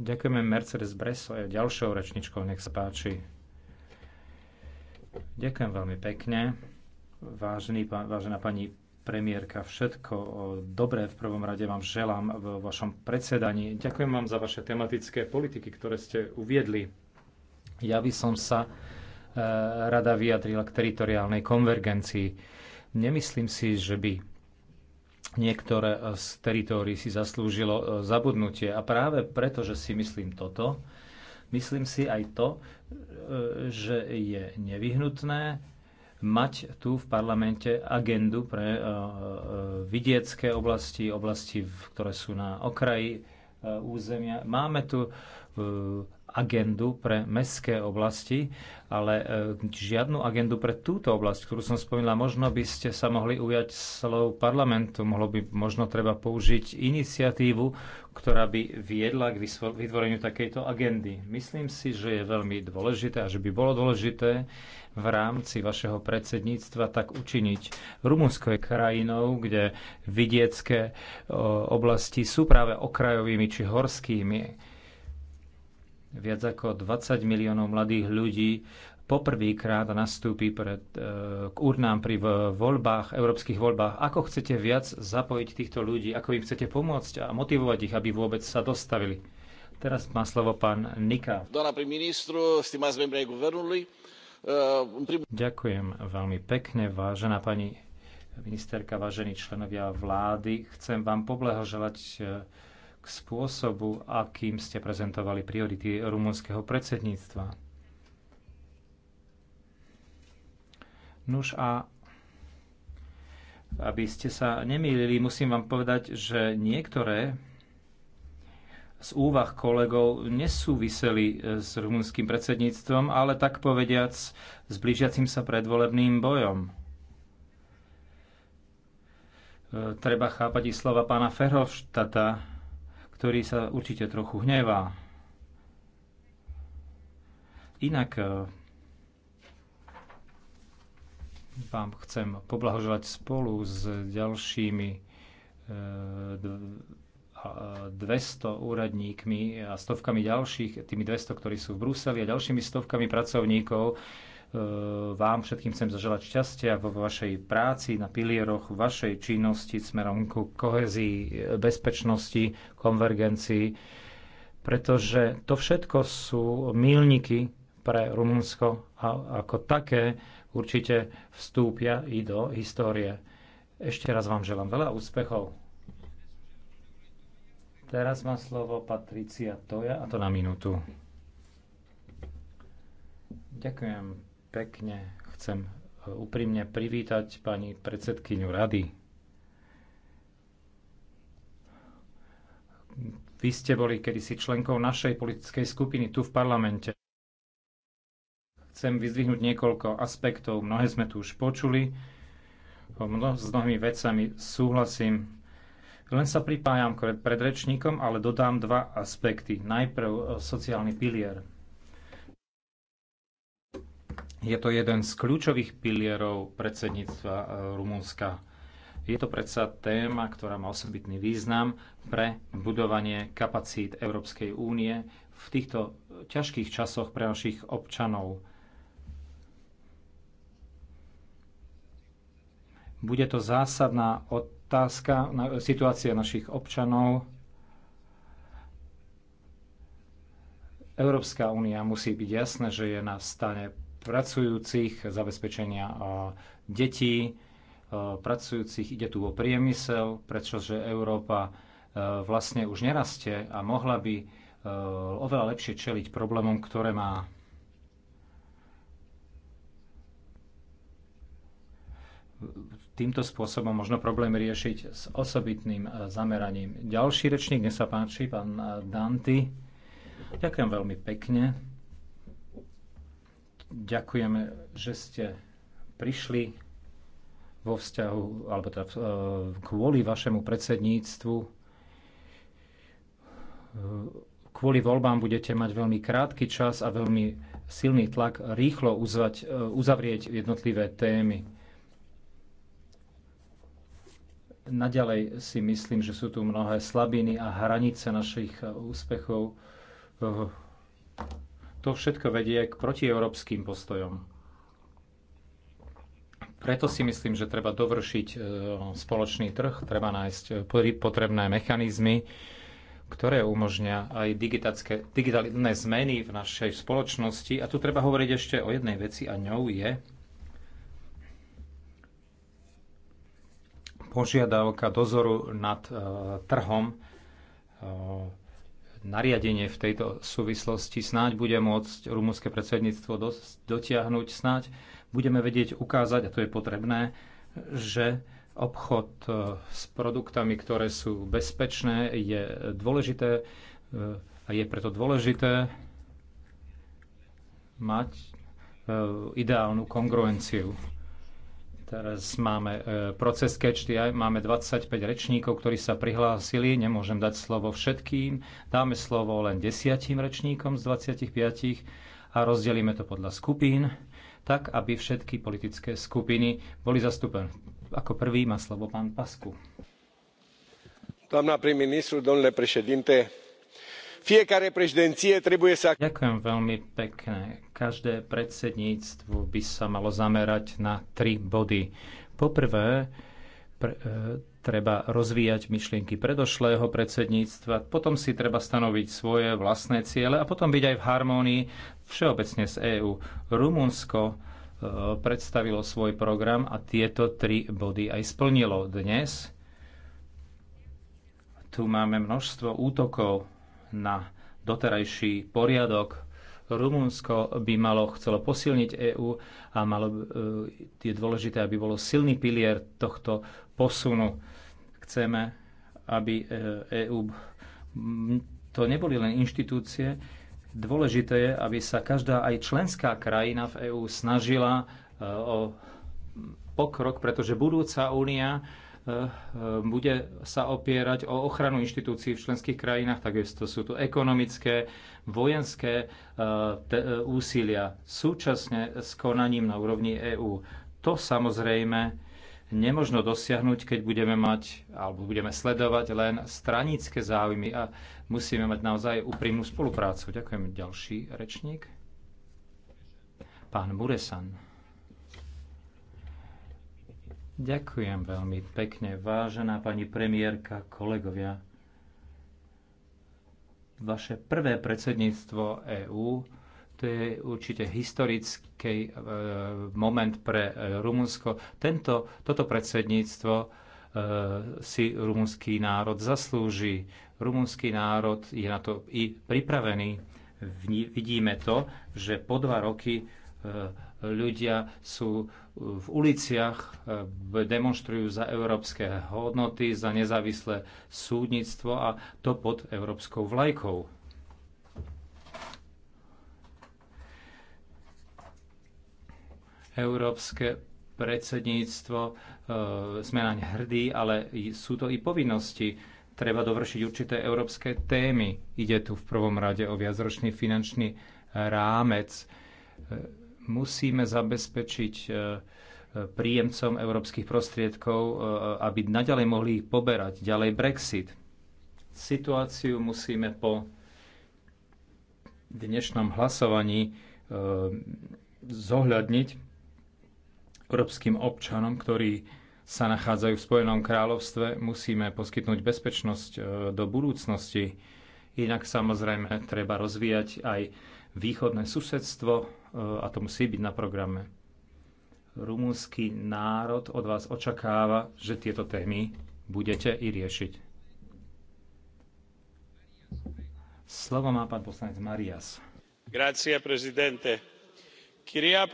Ďakujeme Mercedes Breso a ďalšou rečničkou, nech sa páči. Ďakujem veľmi pekne. Vážený, vážená pani premiérka, všetko dobré v prvom rade vám želám v vašom predsedaní. Ďakujem vám za vaše tematické politiky, ktoré ste uviedli. Ja by som sa e, rada vyjadrila k teritoriálnej konvergencii. Nemyslím si, že by niektoré z teritórií si zaslúžilo e, zabudnutie. A práve preto, že si myslím toto, Myslím si aj to, e, že je nevyhnutné mať tu v parlamente agendu pre e, e, vidiecké oblasti, oblasti, ktoré sú na okraji územia. Máme tu agendu pre mestské oblasti, ale e, žiadnu agendu pre túto oblasť, ktorú som spomínala. Možno by ste sa mohli ujať slov parlamentu, mohlo by možno treba použiť iniciatívu, ktorá by viedla k vytvoreniu takejto agendy. Myslím si, že je veľmi dôležité a že by bolo dôležité v rámci vašeho predsedníctva tak učiniť. Rumunsko je krajinou, kde vidiecké oblasti sú práve okrajovými či horskými Viac ako 20 miliónov mladých ľudí poprvýkrát nastúpi pred, e, k urnám pri voľbách, európskych voľbách. Ako chcete viac zapojiť týchto ľudí? Ako im chcete pomôcť a motivovať ich, aby vôbec sa dostavili? Teraz má slovo pán Nika. E, Ďakujem veľmi pekne, vážená pani ministerka, vážení členovia vlády. Chcem vám poblahoželať e, k spôsobu, akým ste prezentovali priority rumunského predsedníctva. Nuž a aby ste sa nemýlili, musím vám povedať, že niektoré z úvah kolegov nesúviseli e, s rumunským predsedníctvom, ale tak povediac s blížiacim sa predvolebným bojom. E, treba chápať i slova pána Ferhovštata, ktorý sa určite trochu hnevá. Inak e, vám chcem poblahoželať spolu s ďalšími 200 e, úradníkmi a stovkami ďalších, tými 200, ktorí sú v Bruseli a ďalšími stovkami pracovníkov, E, vám všetkým chcem zaželať šťastia vo vašej práci, na pilieroch vašej činnosti smerom ku kohezii, bezpečnosti, konvergencii, pretože to všetko sú milníky pre Rumunsko a ako také určite vstúpia i do histórie. Ešte raz vám želám veľa úspechov. Teraz má slovo Patricia Toja a to na minútu. Ďakujem pekne. Chcem e, úprimne privítať pani predsedkyňu rady. Vy ste boli kedysi členkou našej politickej skupiny tu v parlamente. Chcem vyzdvihnúť niekoľko aspektov, mnohé sme tu už počuli, s mnohými vecami súhlasím. Len sa pripájam k predrečníkom, ale dodám dva aspekty. Najprv e, sociálny pilier. Je to jeden z kľúčových pilierov predsedníctva eh, Rumunska. Je to predsa téma, ktorá má osobitný význam pre budovanie kapacít Európskej únie v týchto eh, ťažkých časoch pre našich občanov. Bude to zásadná otázka, na eh, situácia našich občanov. Európska únia musí byť jasné, že je na stane pracujúcich, zabezpečenia detí, pracujúcich. Ide tu o priemysel, pretože Európa vlastne už nerastie a mohla by oveľa lepšie čeliť problémom, ktoré má. Týmto spôsobom možno problém riešiť s osobitným zameraním. Ďalší rečník, nech sa páči, pán Danty. Ďakujem veľmi pekne. Ďakujeme, že ste prišli vo vzťahu, alebo teda eh, kvôli vašemu predsedníctvu. Eh, kvôli voľbám budete mať veľmi krátky čas a veľmi silný tlak rýchlo uzvať, eh, uzavrieť jednotlivé témy. Naďalej si myslím, že sú tu mnohé slabiny a hranice našich úspechov. To všetko vedie k protieurópskym postojom. Preto si myslím, že treba dovršiť e, spoločný trh, treba nájsť e, potrebné mechanizmy, ktoré umožňa aj digitálne zmeny v našej spoločnosti. A tu treba hovoriť ešte o jednej veci a ňou je požiadavka dozoru nad e, trhom nariadenie v tejto súvislosti. Snáď bude môcť rumúnske predsedníctvo dotiahnuť, snáď budeme vedieť ukázať, a to je potrebné, že obchod e, s produktami, ktoré sú bezpečné, je dôležité e, a je preto dôležité mať e, ideálnu kongruenciu. Teraz máme e, proces KHDI, máme 25 rečníkov, ktorí sa prihlásili. Nemôžem dať slovo všetkým. Dáme slovo len desiatim rečníkom z 25 a rozdelíme to podľa skupín, tak aby všetky politické skupiny boli zastúpené. Ako prvý má slovo pán Pasku. Doamna prim-ministru, domnule președinte, fiecare președinție trebuie să... Ďakujem veľmi pekne. Každé predsedníctvo by sa malo zamerať na tri body. Poprvé, pre, e, treba rozvíjať myšlienky predošlého predsedníctva, potom si treba stanoviť svoje vlastné ciele a potom byť aj v harmónii všeobecne s EÚ. Rumunsko e, predstavilo svoj program a tieto tri body aj splnilo dnes. Tu máme množstvo útokov na doterajší poriadok. Rumunsko by malo chcelo posilniť EÚ a malo, e, je dôležité, aby bolo silný pilier tohto posunu. Chceme, aby EÚ e to neboli len inštitúcie, dôležité je, aby sa každá aj členská krajina v EÚ snažila e, o pokrok, pretože budúca únia Eh, bude sa opierať o ochranu inštitúcií v členských krajinách, takisto sú tu ekonomické, vojenské eh, eh, úsilia súčasne s konaním na úrovni EÚ. To samozrejme nemožno dosiahnuť, keď budeme mať alebo budeme sledovať len stranické záujmy a musíme mať naozaj úprimnú spoluprácu. Ďakujem. Ďalší rečník. Pán Muresan. Ďakujem veľmi pekne, vážená pani premiérka, kolegovia. Vaše prvé predsedníctvo EÚ to je určite historický e, moment pre e, Rumunsko. Tento, toto predsedníctvo e, si rumunský národ zaslúži. Rumunský národ je na to i pripravený. Vidíme to, že po dva roky e, ľudia sú eh, v uliciach, eh, demonstrujú za európske hodnoty, za nezávislé súdnictvo a to pod európskou vlajkou. Európske predsedníctvo, eh, sme naň hrdí, ale sú to i povinnosti. Treba dovršiť určité európske témy. Ide tu v prvom rade o viacročný finančný rámec Musíme zabezpečiť e, e, príjemcom európskych prostriedkov, e, aby naďalej mohli ich poberať. Ďalej Brexit. Situáciu musíme po dnešnom hlasovaní zohľadniť európskym občanom, ktorí sa nachádzajú v Spojenom kráľovstve, musíme poskytnúť bezpečnosť do budúcnosti Inak samozrejme treba rozvíjať aj východné susedstvo e, a to musí byť na programe. Rumúnsky národ od vás očakáva, že tieto témy budete i riešiť. Slovo má pán poslanec Marias. Grazie, prezidente. Kyria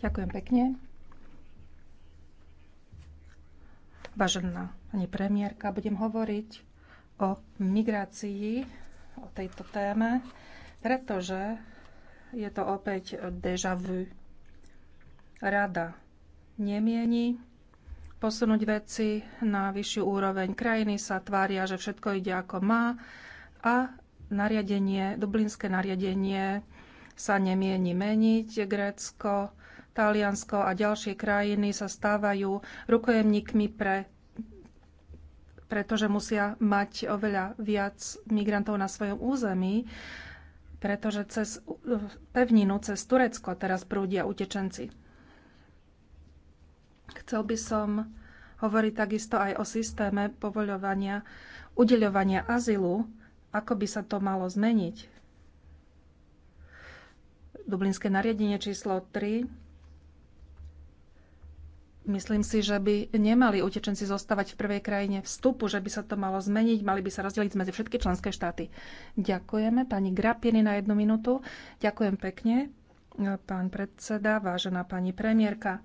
Ďakujem pekne. Vážená pani premiérka, budem hovoriť o migrácii, o tejto téme, pretože je to opäť deja vu. Rada nemieni posunúť veci na vyššiu úroveň. Krajiny sa tvária, že všetko ide ako má a nariadenie, dublinské nariadenie sa nemieni meniť. Grécko, Taliansko a ďalšie krajiny sa stávajú rukojemníkmi pre pretože musia mať oveľa viac migrantov na svojom území, pretože cez pevninu, cez Turecko teraz prúdia utečenci. Chcel by som hovoriť takisto aj o systéme povoľovania, udeľovania azylu, ako by sa to malo zmeniť. Dublinské nariadenie číslo 3 Myslím si, že by nemali utečenci zostávať v prvej krajine vstupu, že by sa to malo zmeniť, mali by sa rozdeliť medzi všetky členské štáty. Ďakujeme pani Grapiny na jednu minútu. Ďakujem pekne, pán predseda, vážená pani premiérka,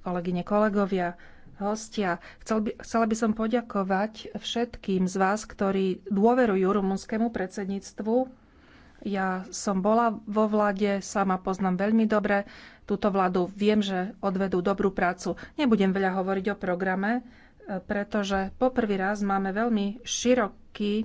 kolegyne, kolegovia, hostia. Chcel by, chcela by som poďakovať všetkým z vás, ktorí dôverujú rumunskému predsedníctvu ja som bola vo vláde, sama poznám veľmi dobre túto vládu. Viem, že odvedú dobrú prácu. Nebudem veľa hovoriť o programe, e, pretože poprvý raz máme veľmi široký e,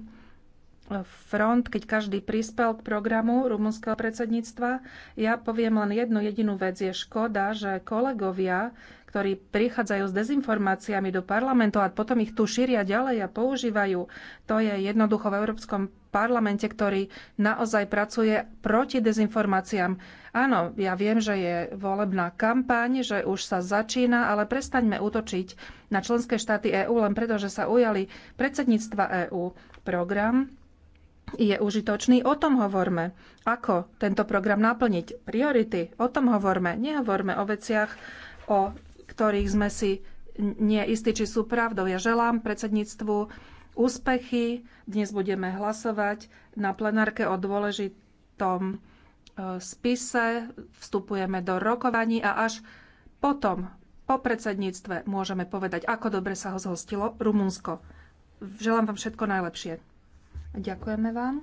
front, keď každý prispel k programu rumunského predsedníctva. Ja poviem len jednu jedinú vec. Je škoda, že kolegovia ktorí prichádzajú s dezinformáciami do parlamentu a potom ich tu šíria ďalej a používajú. To je jednoducho v Európskom parlamente, ktorý naozaj pracuje proti dezinformáciám. Áno, ja viem, že je volebná kampaň, že už sa začína, ale prestaňme útočiť na členské štáty EÚ len preto, že sa ujali predsedníctva EÚ. Program je užitočný, o tom hovorme. Ako tento program naplniť? Priority, o tom hovorme. Nehovorme o veciach, o ktorých sme si neistí, či sú pravdou. Ja želám predsedníctvu úspechy. Dnes budeme hlasovať na plenárke o dôležitom e, spise, vstupujeme do rokovaní a až potom, po predsedníctve, môžeme povedať, ako dobre sa ho zhostilo Rumunsko. Želám vám všetko najlepšie. Ďakujeme vám.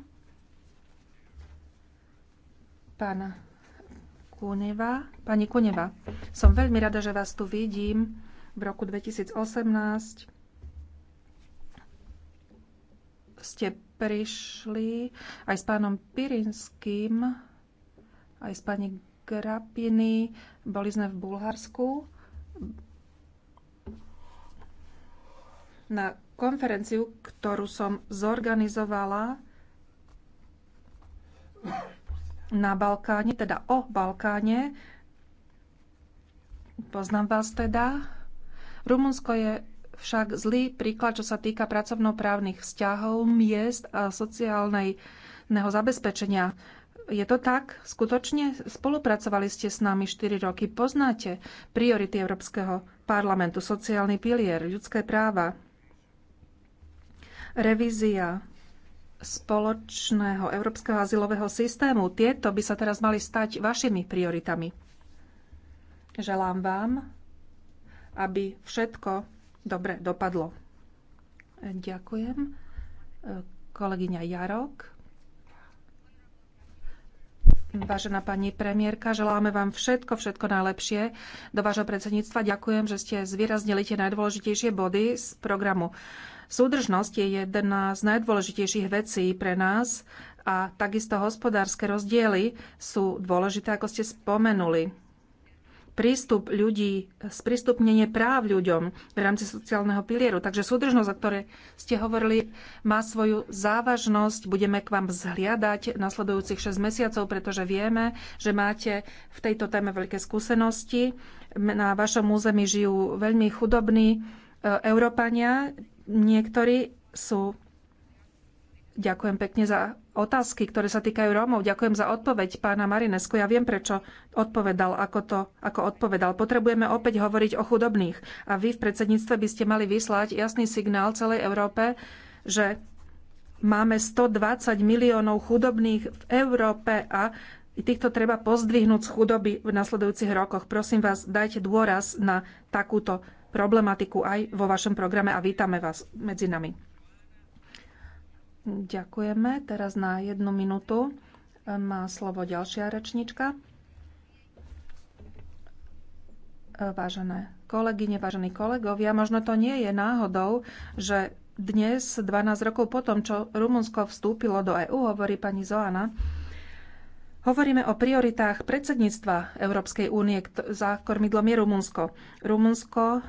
Pána Kuneva. Pani Kuneva, som veľmi rada, že vás tu vidím v roku 2018 ste prišli aj s pánom Pirinským, aj s pani Grapiny. Boli sme v Bulharsku na konferenciu, ktorú som zorganizovala na Balkáne, teda o Balkáne. Poznám vás teda. Rumunsko je však zlý príklad, čo sa týka pracovnoprávnych vzťahov, miest a sociálneho zabezpečenia. Je to tak? Skutočne spolupracovali ste s nami 4 roky. Poznáte priority Európskeho parlamentu, sociálny pilier, ľudské práva, revízia spoločného európskeho azylového systému. Tieto by sa teraz mali stať vašimi prioritami. Želám vám, aby všetko dobre dopadlo. Ďakujem. Kolegyňa Jarok. Vážená pani premiérka, želáme vám všetko, všetko najlepšie do vášho predsedníctva. Ďakujem, že ste zvýraznili tie najdôležitejšie body z programu Súdržnosť je jedna z najdôležitejších vecí pre nás a takisto hospodárske rozdiely sú dôležité, ako ste spomenuli. Prístup ľudí, sprístupnenie práv ľuďom v rámci sociálneho pilieru. Takže súdržnosť, o ktorej ste hovorili, má svoju závažnosť. Budeme k vám zhliadať nasledujúcich 6 mesiacov, pretože vieme, že máte v tejto téme veľké skúsenosti. Na vašom území žijú veľmi chudobní e, Európania, Niektorí sú Ďakujem pekne za otázky, ktoré sa týkajú Rómov. Ďakujem za odpoveď pána Marinesku. Ja viem, prečo odpovedal, ako to ako odpovedal. Potrebujeme opäť hovoriť o chudobných. A vy v predsedníctve by ste mali vyslať jasný signál celej Európe, že máme 120 miliónov chudobných v Európe a týchto treba pozdvihnúť z chudoby v nasledujúcich rokoch. Prosím vás, dajte dôraz na takúto problematiku aj vo vašom programe a vítame vás medzi nami. Ďakujeme. Teraz na jednu minútu eh, má slovo ďalšia rečnička. Eh, vážené kolegyne, vážení kolegovia, možno to nie je náhodou, že dnes, 12 rokov potom, čo Rumunsko vstúpilo do EÚ, hovorí pani Zoana, Hovoríme o prioritách predsedníctva Európskej únie, za kormidlom je Rumunsko. Rumunsko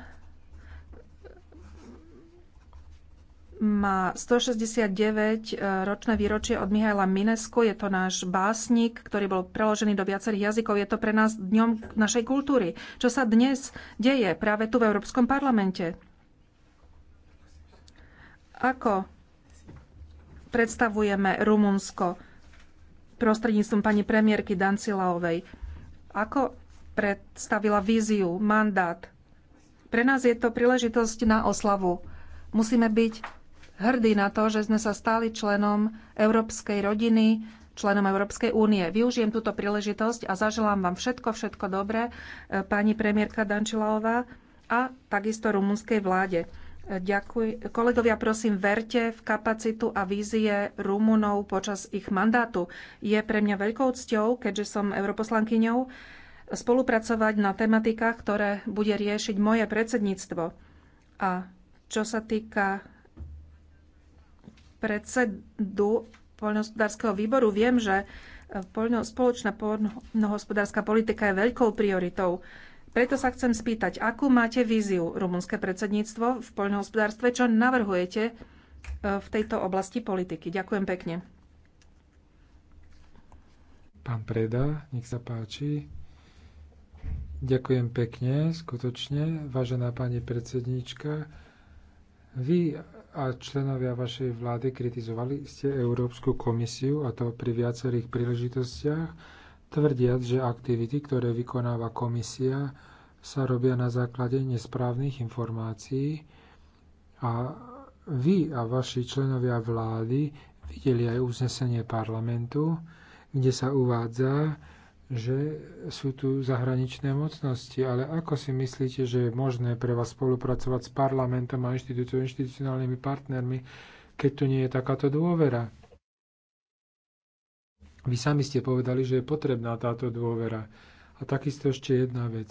má 169 e, ročné výročie od Mihaila Minesku. Je to náš básnik, ktorý bol preložený do viacerých jazykov. Je to pre nás dňom našej kultúry. Čo sa dnes deje práve tu v Európskom parlamente? Ako predstavujeme Rumunsko prostredníctvom pani premiérky Dancilaovej? Ako predstavila víziu, mandát? Pre nás je to príležitosť na oslavu. Musíme byť hrdí na to, že sme sa stali členom európskej rodiny, členom Európskej únie. Využijem túto príležitosť a zaželám vám všetko, všetko dobré, e, pani premiérka Dančilaová a takisto rumunskej vláde. E, Ďakujem. Kolegovia, prosím, verte v kapacitu a vízie Rumunov počas ich mandátu. Je pre mňa veľkou cťou, keďže som europoslankyňou, spolupracovať na tematikách, ktoré bude riešiť moje predsedníctvo. A čo sa týka predsedu poľnohospodárskeho výboru viem, že e, spoločná poľnohospodárska politika je veľkou prioritou. Preto sa chcem spýtať, akú máte víziu rumunské predsedníctvo v poľnohospodárstve, čo navrhujete e, v tejto oblasti politiky. Ďakujem pekne. Pán Preda, nech sa páči. Ďakujem pekne, skutočne, vážená pani predsedníčka. Vy a členovia vašej vlády kritizovali ste Európsku komisiu a to pri viacerých príležitostiach, tvrdiac, že aktivity, ktoré vykonáva komisia, sa robia na základe nesprávnych informácií a vy a vaši členovia vlády videli aj uznesenie parlamentu, kde sa uvádza, že sú tu zahraničné mocnosti, ale ako si myslíte, že je možné pre vás spolupracovať s parlamentom a inštitúciou, inštitucionálnymi partnermi, keď tu nie je takáto dôvera? Vy sami ste povedali, že je potrebná táto dôvera. A takisto ešte jedna vec.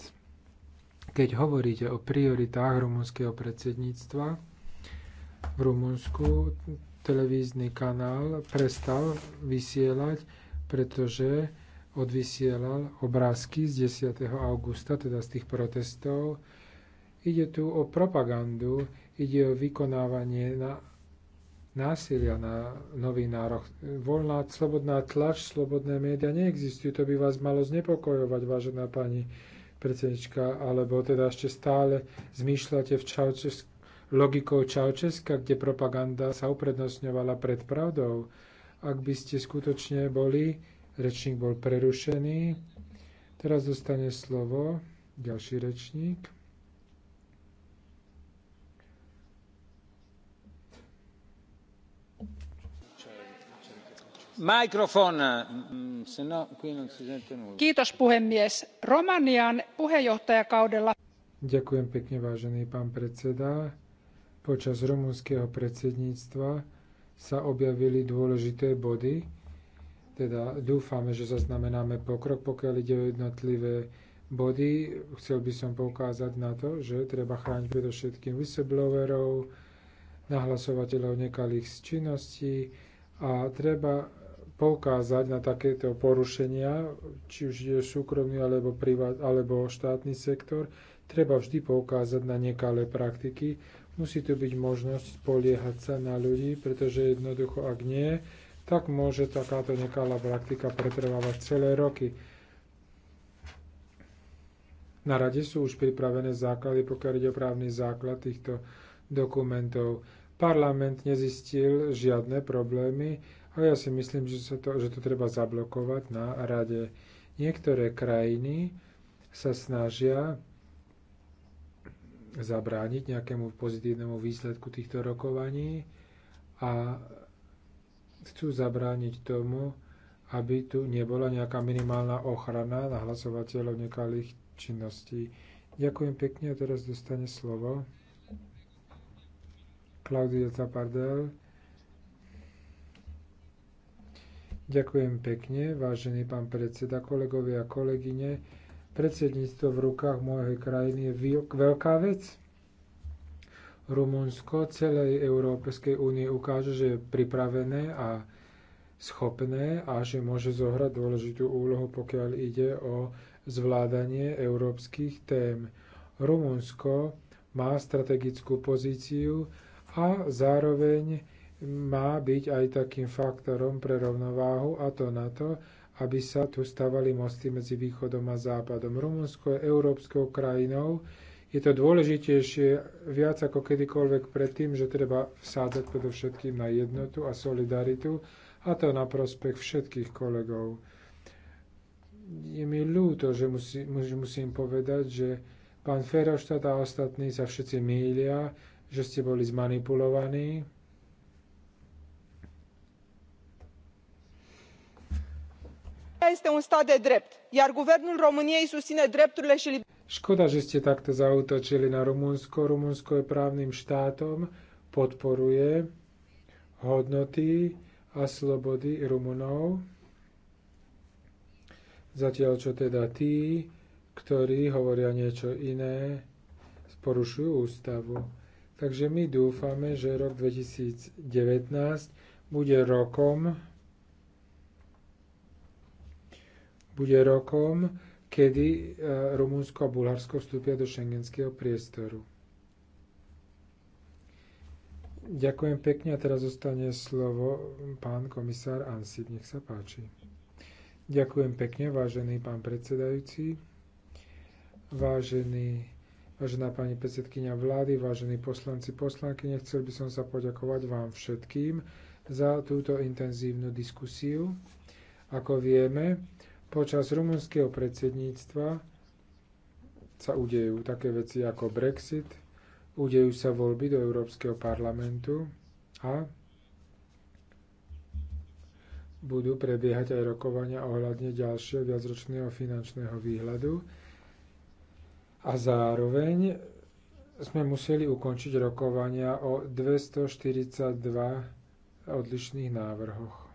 Keď hovoríte o prioritách rumunského predsedníctva v Rumunsku, televízny kanál prestal vysielať, pretože odvysielal obrázky z 10. augusta, teda z tých protestov. Ide tu o propagandu, ide o vykonávanie na násilia na novinároch. Voľná, slobodná tlač, slobodné médiá neexistujú. To by vás malo znepokojovať, vážená pani predsednička, alebo teda ešte stále zmýšľate v Čaučesk- logikou Čaučeska, kde propaganda sa uprednostňovala pred pravdou. Ak by ste skutočne boli Rečník bol prerušený. Teraz dostane slovo ďalší rečník. arvoisa mm, no, puhemies romanian puheenjohtajakaudella. ďakujem pekne vážený pán predseda počas rumúnskeho predsedníctva sa objavili dôležité body teda dúfame, že zaznamenáme pokrok, pokiaľ ide o jednotlivé body. Chcel by som poukázať na to, že treba chrániť predovšetkým whistleblowerov, nahlasovateľov nekalých činností a treba poukázať na takéto porušenia, či už je súkromný alebo, privát, alebo štátny sektor, treba vždy poukázať na nekalé praktiky. Musí tu byť možnosť spoliehať sa na ľudí, pretože jednoducho, ak nie, tak môže takáto nekalá praktika pretrvávať celé roky. Na rade sú už pripravené základy, pokiaľ ide o právny základ týchto dokumentov. Parlament nezistil žiadne problémy a ja si myslím, že, sa to, že to treba zablokovať na rade. Niektoré krajiny sa snažia zabrániť nejakému pozitívnemu výsledku týchto rokovaní a chcú zabrániť tomu, aby tu nebola nejaká minimálna ochrana na hlasovateľov nekalých činností. Ďakujem pekne a teraz dostane slovo Klaudio Tapardel. Ďakujem pekne, vážený pán predseda, kolegovia a kolegyne. Predsedníctvo v rukách mojej krajiny je veľká vec Rumunsko celej Európskej únie ukáže, že je pripravené a schopné a že môže zohrať dôležitú úlohu, pokiaľ ide o zvládanie európskych tém. Rumunsko má strategickú pozíciu a zároveň má byť aj takým faktorom pre rovnováhu a to na to, aby sa tu stavali mosty medzi východom a západom. Rumunsko je európskou krajinou, je to dôležitejšie viac ako kedykoľvek predtým, že treba vsádzať predovšetkým na jednotu a solidaritu a to na prospech všetkých kolegov. Je mi ľúto, že musí, musím povedať, že pán Feroštát a ostatní sa všetci mýlia, že ste boli zmanipulovaní. Este un stat de drept, iar guvernul României susține drepturile și libertățile. Škoda, že ste takto zautočili na Rumunsko. Rumunsko je právnym štátom, podporuje hodnoty a slobody Rumunov. Zatiaľ, čo teda tí, ktorí hovoria niečo iné, porušujú ústavu. Takže my dúfame, že rok 2019 bude rokom, bude rokom, kedy e, Rumunsko a Bulharsko vstúpia do šengenského priestoru. Ďakujem pekne a teraz zostane slovo pán komisár Ansip. Nech sa páči. Ďakujem pekne, vážený pán predsedajúci, vážený, vážená pani predsedkynia vlády, vážení poslanci, poslanky. Chcel by som sa poďakovať vám všetkým za túto intenzívnu diskusiu. Ako vieme, Počas rumunského predsedníctva sa udejú také veci ako Brexit, udejú sa voľby do Európskeho parlamentu a budú prebiehať aj rokovania ohľadne ďalšieho viacročného finančného výhľadu. A zároveň sme museli ukončiť rokovania o 242 odlišných návrhoch.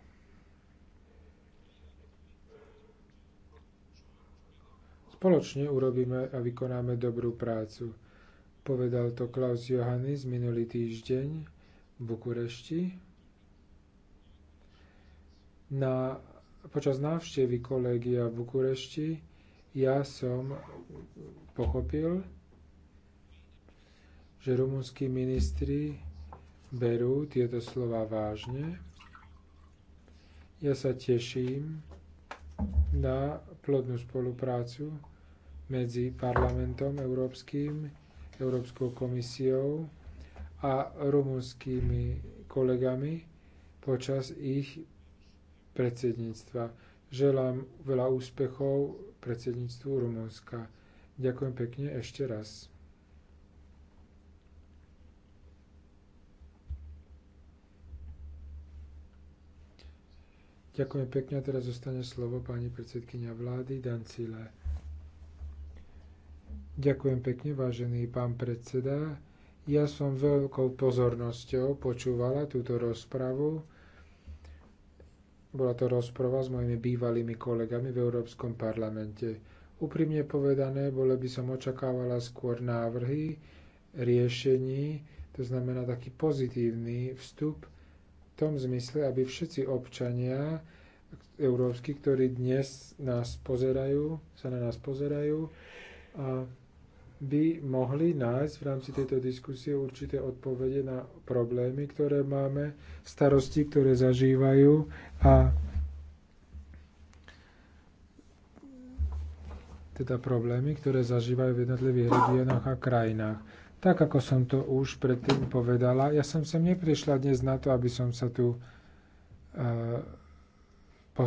Spoločne urobíme a vykonáme dobrú prácu. Povedal to Klaus Johannes minulý týždeň v Bukurešti na, počas návštevy kolegia v Bukurešti ja som pochopil, že rumúnsky ministri berú tieto slova vážne. Ja sa teším na plodnú spoluprácu medzi parlamentom európskym, Európskou komisiou a rumunskými kolegami počas ich predsedníctva. Želám veľa úspechov predsedníctvu Rumunska. Ďakujem pekne ešte raz. Ďakujem pekne a teraz zostane slovo pani predsedkynia vlády Dancile. Ďakujem pekne, vážený pán predseda. Ja som veľkou pozornosťou počúvala túto rozpravu. Bola to rozprava s mojimi bývalými kolegami v Európskom parlamente. Úprimne povedané, bolo by som očakávala skôr návrhy, riešení, to znamená taký pozitívny vstup v tom zmysle, aby všetci občania európsky, ktorí dnes nás pozerajú, sa na nás pozerajú a by mohli nájsť v rámci tejto diskusie určité odpovede na problémy, ktoré máme, starosti, ktoré zažívajú a teda problémy, ktoré zažívajú v jednotlivých regiónoch a krajinách. Tak ako som to už predtým povedala, ja som sem neprišla dnes na to, aby som sa tu eh,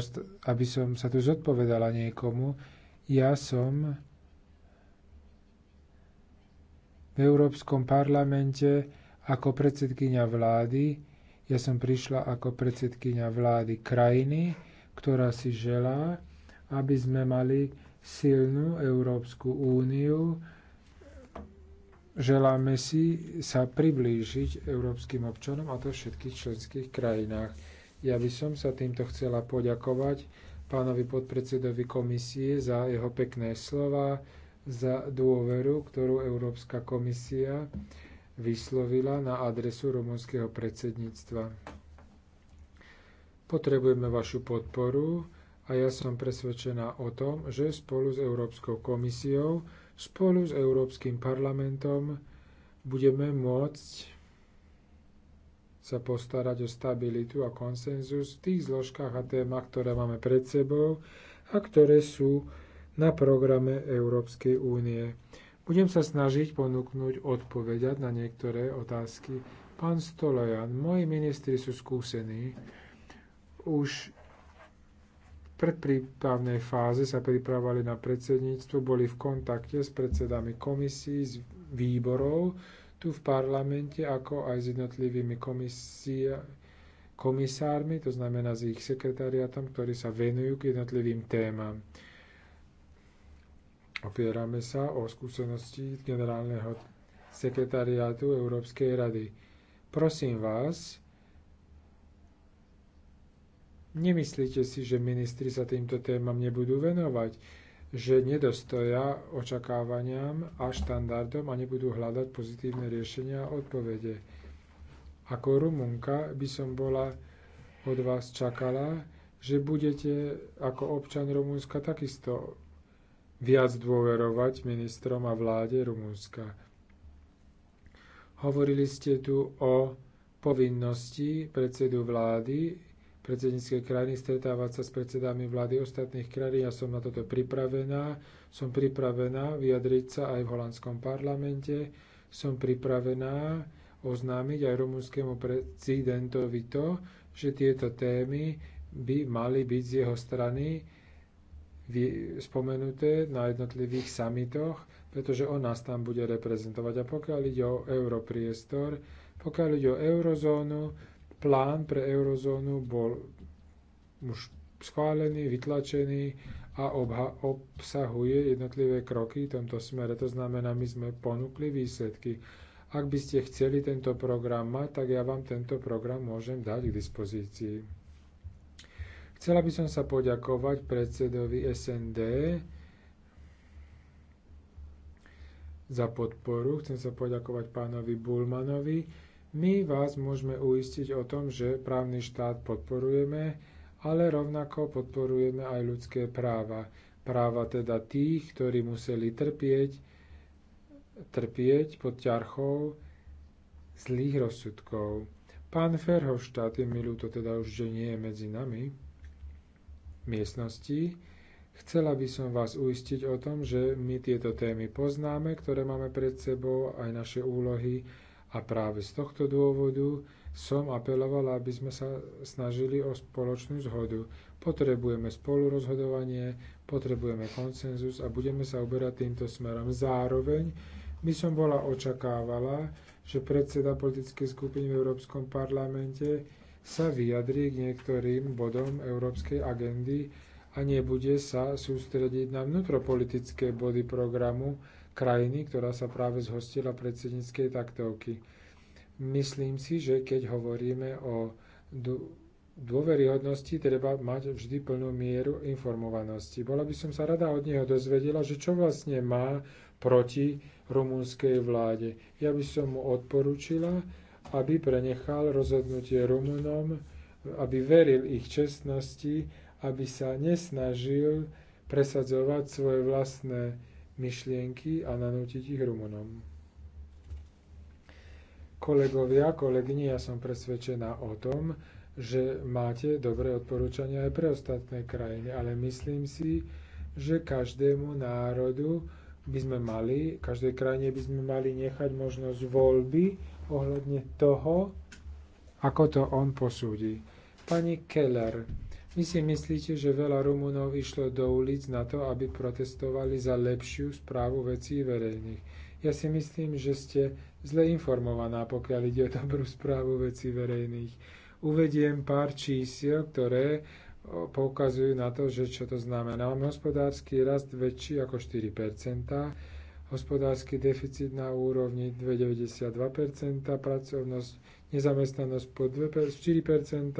aby som sa tu zodpovedala niekomu. Ja som v Európskom parlamente ako predsedkynia vlády. Ja som prišla ako predsedkynia vlády krajiny, ktorá si želá, aby sme mali silnú Európsku úniu. Želáme si sa priblížiť európskym občanom a to v všetkých členských krajinách. Ja by som sa týmto chcela poďakovať pánovi podpredsedovi komisie za jeho pekné slova, za dôveru, ktorú Európska komisia vyslovila na adresu rumunského predsedníctva. Potrebujeme vašu podporu a ja som presvedčená o tom, že spolu s Európskou komisiou, spolu s Európskym parlamentom budeme môcť sa postarať o stabilitu a konsenzus v tých zložkách a témach, ktoré máme pred sebou a ktoré sú na programe Európskej únie. Budem sa snažiť ponúknuť odpovedať na niektoré otázky. Pán Stolojan, moji ministri sú skúsení. Už v predprípravnej fáze sa pripravovali na predsedníctvo, boli v kontakte s predsedami komisí, z výborov tu v parlamente, ako aj s jednotlivými komisia, komisármi, to znamená s ich sekretariatom, ktorí sa venujú k jednotlivým témam. Opierame sa o skúsenosti generálneho sekretariátu Európskej rady. Prosím vás, nemyslíte si, že ministri sa týmto témam nebudú venovať, že nedostoja očakávaniam a štandardom a nebudú hľadať pozitívne riešenia a odpovede. Ako Rumunka by som bola od vás čakala, že budete ako občan Rumunska takisto viac dôverovať ministrom a vláde Rumúnska. Hovorili ste tu o povinnosti predsedu vlády predsedníckej krajiny stretávať sa s predsedami vlády ostatných krajín. Ja som na toto pripravená. Som pripravená vyjadriť sa aj v holandskom parlamente. Som pripravená oznámiť aj rumúnskému prezidentovi to, že tieto témy by mali byť z jeho strany spomenuté na jednotlivých samitoch, pretože on nás tam bude reprezentovať. A pokiaľ ide o europriestor, pokiaľ ide o eurozónu, plán pre eurozónu bol už schválený, vytlačený a obsahuje jednotlivé kroky v tomto smere. To znamená, my sme ponúkli výsledky. Ak by ste chceli tento program mať, tak ja vám tento program môžem dať k dispozícii. Chcela by som sa poďakovať predsedovi SND za podporu. Chcem sa poďakovať pánovi Bulmanovi. My vás môžeme uistiť o tom, že právny štát podporujeme, ale rovnako podporujeme aj ľudské práva. Práva teda tých, ktorí museli trpieť, trpieť pod ťarchou zlých rozsudkov. Pán Ferhoštát, je mi ľúto teda už, že nie je medzi nami miestnosti. Chcela by som vás uistiť o tom, že my tieto témy poznáme, ktoré máme pred sebou, aj naše úlohy a práve z tohto dôvodu som apelovala, aby sme sa snažili o spoločnú zhodu. Potrebujeme spolurozhodovanie, potrebujeme konsenzus a budeme sa uberať týmto smerom. Zároveň by som bola očakávala, že predseda politickej skupiny v Európskom parlamente sa vyjadrí k niektorým bodom európskej agendy a nebude sa sústrediť na vnútropolitické body programu krajiny, ktorá sa práve zhostila predsedníckej taktovky. Myslím si, že keď hovoríme o dôveryhodnosti, treba mať vždy plnú mieru informovanosti. Bola by som sa rada od neho dozvedela, že čo vlastne má proti rumúnskej vláde. Ja by som mu odporúčila, aby prenechal rozhodnutie Rumunom, aby veril ich čestnosti, aby sa nesnažil presadzovať svoje vlastné myšlienky a nanútiť ich Rumunom. Kolegovia, kolegyni, ja som presvedčená o tom, že máte dobré odporúčania aj pre ostatné krajiny, ale myslím si, že každému národu by sme mali, každej krajine by sme mali nechať možnosť voľby, ohľadne toho, ako to on posúdi. Pani Keller, vy si myslíte, že veľa Rumunov išlo do ulic na to, aby protestovali za lepšiu správu vecí verejných. Ja si myslím, že ste zle informovaná, pokiaľ ide o dobrú správu vecí verejných. Uvediem pár čísiel, ktoré poukazujú na to, že čo to znamená. Máme hospodársky rast väčší ako 4 hospodársky deficit na úrovni 2,92%, pracovnosť, nezamestnanosť pod 2, 4%.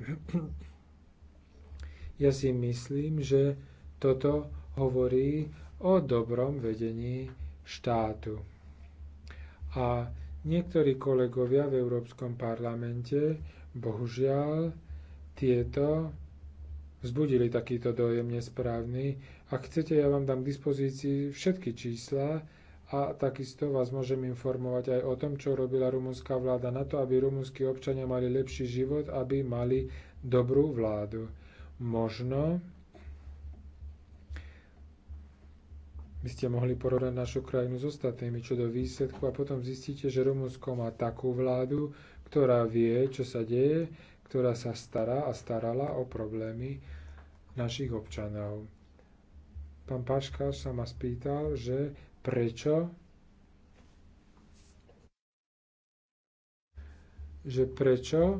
Ja si myslím, že toto hovorí o dobrom vedení štátu. A niektorí kolegovia v Európskom parlamente, bohužiaľ, tieto vzbudili takýto dojem nesprávny, ak chcete, ja vám dám k dispozícii všetky čísla a takisto vás môžem informovať aj o tom, čo robila rumunská vláda na to, aby rumunskí občania mali lepší život, aby mali dobrú vládu. Možno by ste mohli porovnať našu krajinu s ostatnými čo do výsledku a potom zistíte, že Rumunsko má takú vládu, ktorá vie, čo sa deje, ktorá sa stará a starala o problémy našich občanov. Pán Paška sa ma spýtal, že prečo že prečo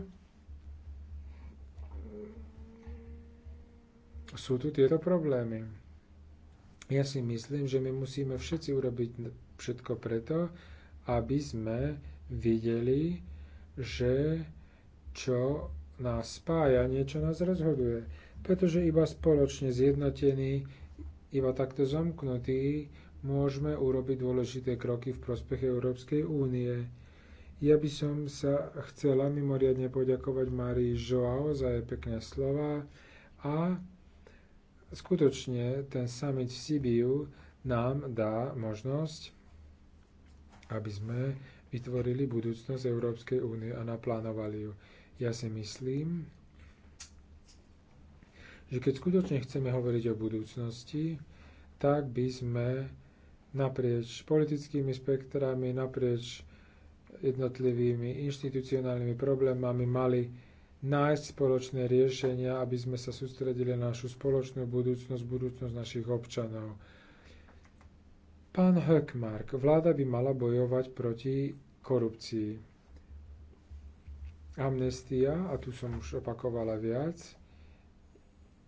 sú tu tieto problémy. Ja si myslím, že my musíme všetci urobiť všetko preto, aby sme videli, že čo nás spája, niečo nás rozhoduje. Pretože iba spoločne zjednotení iba takto zomknutí môžeme urobiť dôležité kroky v prospech Európskej únie. Ja by som sa chcela mimoriadne poďakovať Marii Joao za jej pekné slova a skutočne ten summit v Sibiu nám dá možnosť, aby sme vytvorili budúcnosť Európskej únie a naplánovali ju. Ja si myslím, že keď skutočne chceme hovoriť o budúcnosti, tak by sme naprieč politickými spektrami, naprieč jednotlivými inštitucionálnymi problémami mali nájsť spoločné riešenia, aby sme sa sústredili na našu spoločnú budúcnosť, budúcnosť našich občanov. Pán Höckmark, vláda by mala bojovať proti korupcii. Amnestia, a tu som už opakovala viac,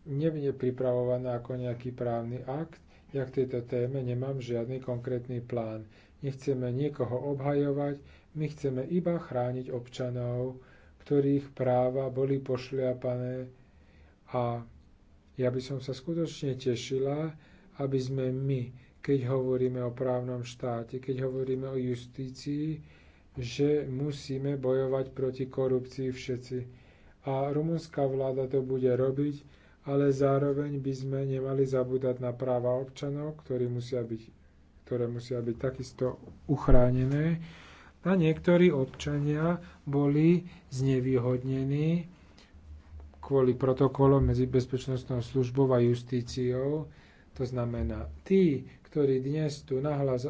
nebude pripravovaná ako nejaký právny akt. Ja k tejto téme nemám žiadny konkrétny plán. Nechceme niekoho obhajovať, my chceme iba chrániť občanov, ktorých práva boli pošliapané a ja by som sa skutočne tešila, aby sme my, keď hovoríme o právnom štáte, keď hovoríme o justícii, že musíme bojovať proti korupcii všetci. A rumunská vláda to bude robiť, ale zároveň by sme nemali zabúdať na práva občanov, ktorí musia byť, ktoré musia byť takisto uchránené. A niektorí občania boli znevýhodnení kvôli protokolom medzi bezpečnostnou službou a justíciou. To znamená, tí, ktorí dnes tu nahlas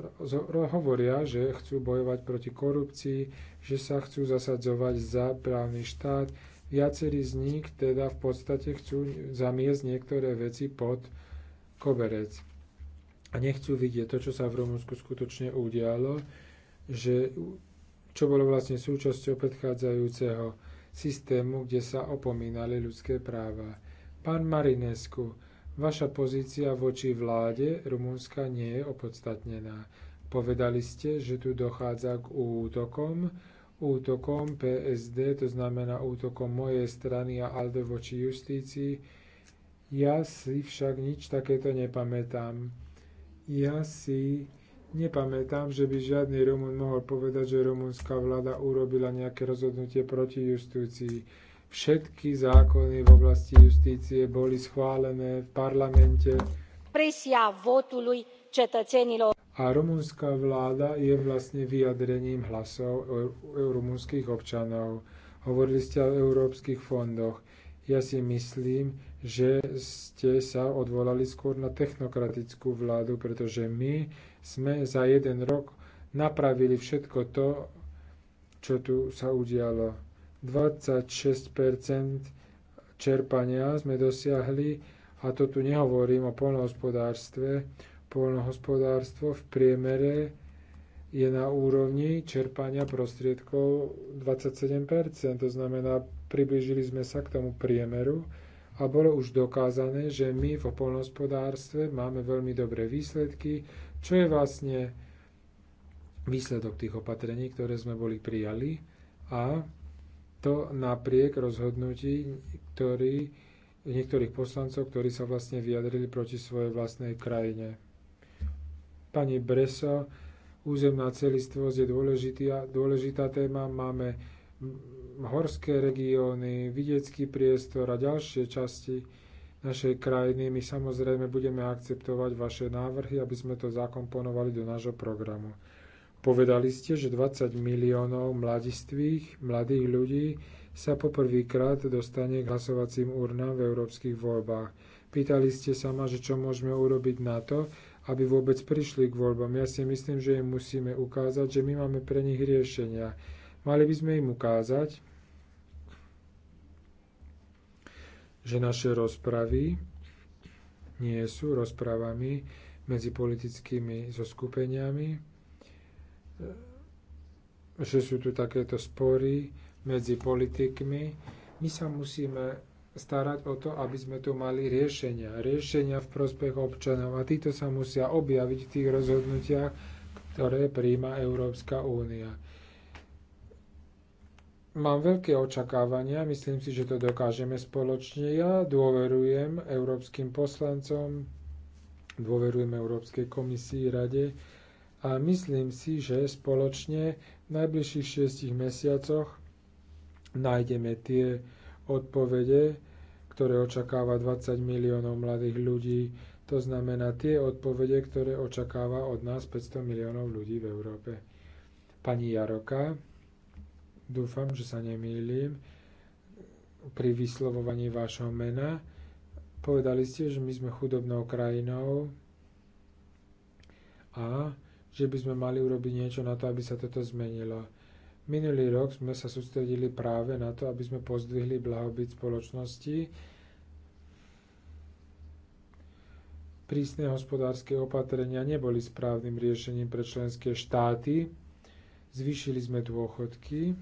hovoria, že chcú bojovať proti korupcii, že sa chcú zasadzovať za právny štát, Viacerí z nich teda v podstate chcú zamiesť niektoré veci pod koberec. A nechcú vidieť to, čo sa v Rumunsku skutočne udialo, že čo bolo vlastne súčasťou predchádzajúceho systému, kde sa opomínali ľudské práva. Pán Marinescu, vaša pozícia voči vláde Rumunska nie je opodstatnená. Povedali ste, že tu dochádza k útokom útokom PSD, to znamená útokom mojej strany a Alde voči justícii. Ja si však nič takéto nepamätám. Ja si nepamätám, že by žiadny Rumun mohol povedať, že rumunská vláda urobila nejaké rozhodnutie proti justícii. Všetky zákony v oblasti justície boli schválené v parlamente. Presia votului cetățenilor. A rumunská vláda je vlastne vyjadrením hlasov rumunských občanov. Hovorili ste o európskych fondoch. Ja si myslím, že ste sa odvolali skôr na technokratickú vládu, pretože my sme za jeden rok napravili všetko to, čo tu sa udialo. 26 čerpania sme dosiahli, a to tu nehovorím o poľnohospodárstve, Poľnohospodárstvo v priemere je na úrovni čerpania prostriedkov 27 to znamená, priblížili sme sa k tomu priemeru a bolo už dokázané, že my v poľnohospodárstve máme veľmi dobré výsledky, čo je vlastne výsledok tých opatrení, ktoré sme boli prijali a to napriek rozhodnutí, ktorý, niektorých poslancov, ktorí sa vlastne vyjadrili proti svojej vlastnej krajine. Pani Breso, územná celistvosť je dôležitá, dôležitá téma. Máme horské regióny, vidiecký priestor a ďalšie časti našej krajiny. My samozrejme budeme akceptovať vaše návrhy, aby sme to zakomponovali do nášho programu. Povedali ste, že 20 miliónov mladistvých, mladých ľudí sa poprvýkrát dostane k hlasovacím urnám v európskych voľbách. Pýtali ste sa ma, že čo môžeme urobiť na to, aby vôbec prišli k voľbám. Ja si myslím, že im musíme ukázať, že my máme pre nich riešenia. Mali by sme im ukázať, že naše rozpravy nie sú rozpravami medzi politickými zoskupeniami, že sú tu takéto spory medzi politikmi. My sa musíme starať o to, aby sme tu mali riešenia. Riešenia v prospech občanov a títo sa musia objaviť v tých rozhodnutiach, ktoré príjma Európska únia. Mám veľké očakávania, myslím si, že to dokážeme spoločne. Ja dôverujem európskym poslancom, dôverujem Európskej komisii, rade a myslím si, že spoločne v najbližších šiestich mesiacoch nájdeme tie odpovede, ktoré očakáva 20 miliónov mladých ľudí. To znamená tie odpovede, ktoré očakáva od nás 500 miliónov ľudí v Európe. Pani Jaroka, dúfam, že sa nemýlim, pri vyslovovaní vášho mena. Povedali ste, že my sme chudobnou krajinou a že by sme mali urobiť niečo na to, aby sa toto zmenilo. Minulý rok sme sa sústredili práve na to, aby sme pozdvihli blahobyt spoločnosti, prísne hospodárske opatrenia neboli správnym riešením pre členské štáty, zvýšili sme dôchodky,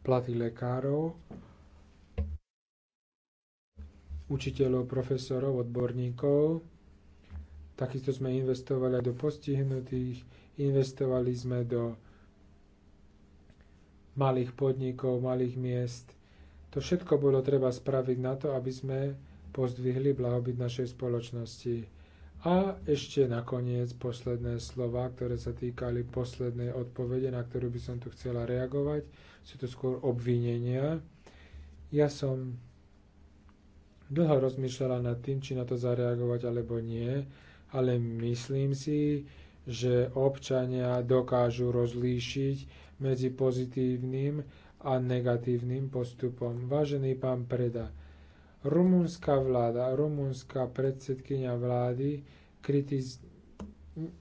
platy lekárov, učiteľov, profesorov, odborníkov. Takisto sme investovali aj do postihnutých, Investovali sme do malých podnikov, malých miest. To všetko bolo treba spraviť na to, aby sme pozdvihli blahobyt našej spoločnosti. A ešte nakoniec posledné slova, ktoré sa týkali poslednej odpovede, na ktorú by som tu chcela reagovať. Sú to skôr obvinenia. Ja som dlho rozmýšľala nad tým, či na to zareagovať alebo nie, ale myslím si, že občania dokážu rozlíšiť medzi pozitívnym a negatívnym postupom. Vážený pán Preda, rumunská vláda, rumunská predsedkynia vlády kritiz-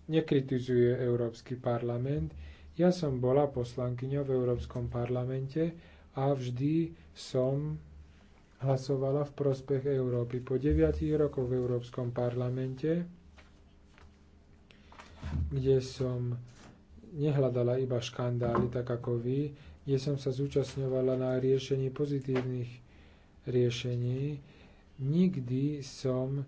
nekritizuje Európsky parlament. Ja som bola poslankyňou v Európskom parlamente a vždy som hlasovala v prospech Európy. Po 9 rokoch v Európskom parlamente kde som nehľadala iba škandály, tak ako vy, kde som sa zúčastňovala na riešení pozitívnych riešení. Nikdy som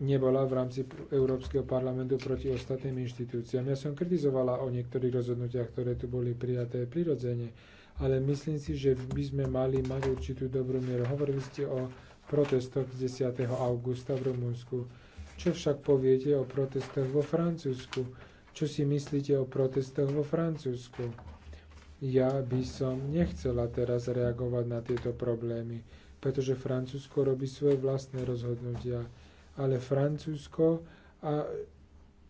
nebola v rámci Európskeho parlamentu proti ostatným inštitúciám. Ja som kritizovala o niektorých rozhodnutiach, ktoré tu boli prijaté prirodzene, ale myslím si, že by sme mali mať určitú dobrú mieru. Hovorili ste o protestoch 10. augusta v Rumunsku. Čo však poviete o protestoch vo Francúzsku? Čo si myslíte o protestoch vo Francúzsku? Ja by som nechcela teraz reagovať na tieto problémy, pretože Francúzsko robí svoje vlastné rozhodnutia. Ale Francúzsko a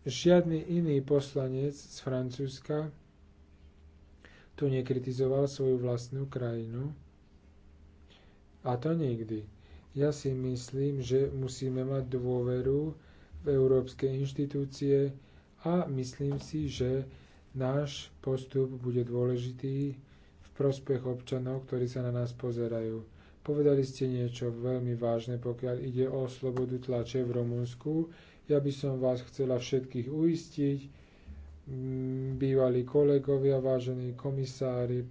žiadny iný poslanec z Francúzska tu nekritizoval svoju vlastnú krajinu. A to nikdy. Ja si myslím, že musíme mať dôveru v európske inštitúcie a myslím si, že náš postup bude dôležitý v prospech občanov, ktorí sa na nás pozerajú. Povedali ste niečo veľmi vážne, pokiaľ ide o slobodu tlače v Rumunsku. Ja by som vás chcela všetkých uistiť, mm, bývalí kolegovia, vážení komisári,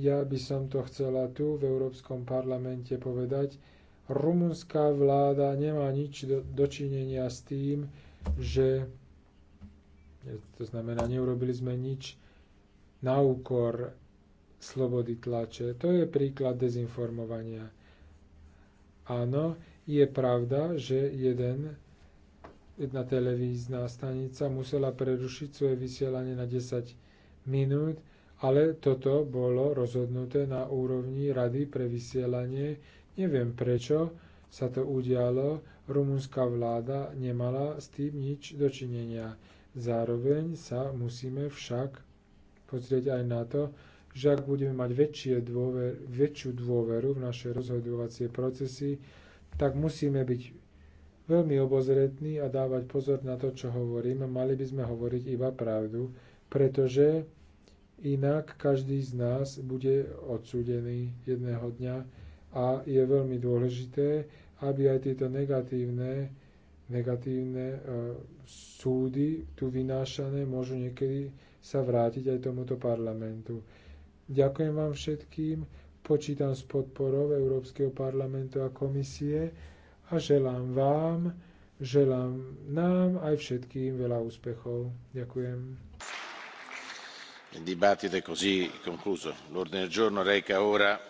ja by som to chcela tu v Európskom parlamente povedať. Rumunská vláda nemá nič do, dočinenia s tým, že to znamená, neurobili sme nič na úkor slobody tlače. To je príklad dezinformovania. Áno, je pravda, že jeden jedna televízna stanica musela prerušiť svoje vysielanie na 10 minút, ale toto bolo rozhodnuté na úrovni Rady pre vysielanie. Neviem prečo sa to udialo, rumunská vláda nemala s tým nič dočinenia. Zároveň sa musíme však pozrieť aj na to, že ak budeme mať dôver, väčšiu dôveru v naše rozhodovacie procesy, tak musíme byť veľmi obozretní a dávať pozor na to, čo hovoríme. Mali by sme hovoriť iba pravdu, pretože Inak každý z nás bude odsúdený jedného dňa a je veľmi dôležité, aby aj tieto negatívne, negatívne e, súdy tu vynášané môžu niekedy sa vrátiť aj tomuto parlamentu. Ďakujem vám všetkým, počítam s podporou Európskeho parlamentu a komisie a želám vám, želám nám aj všetkým veľa úspechov. Ďakujem. Il dibattito è così concluso. L'ordine del giorno reca ora.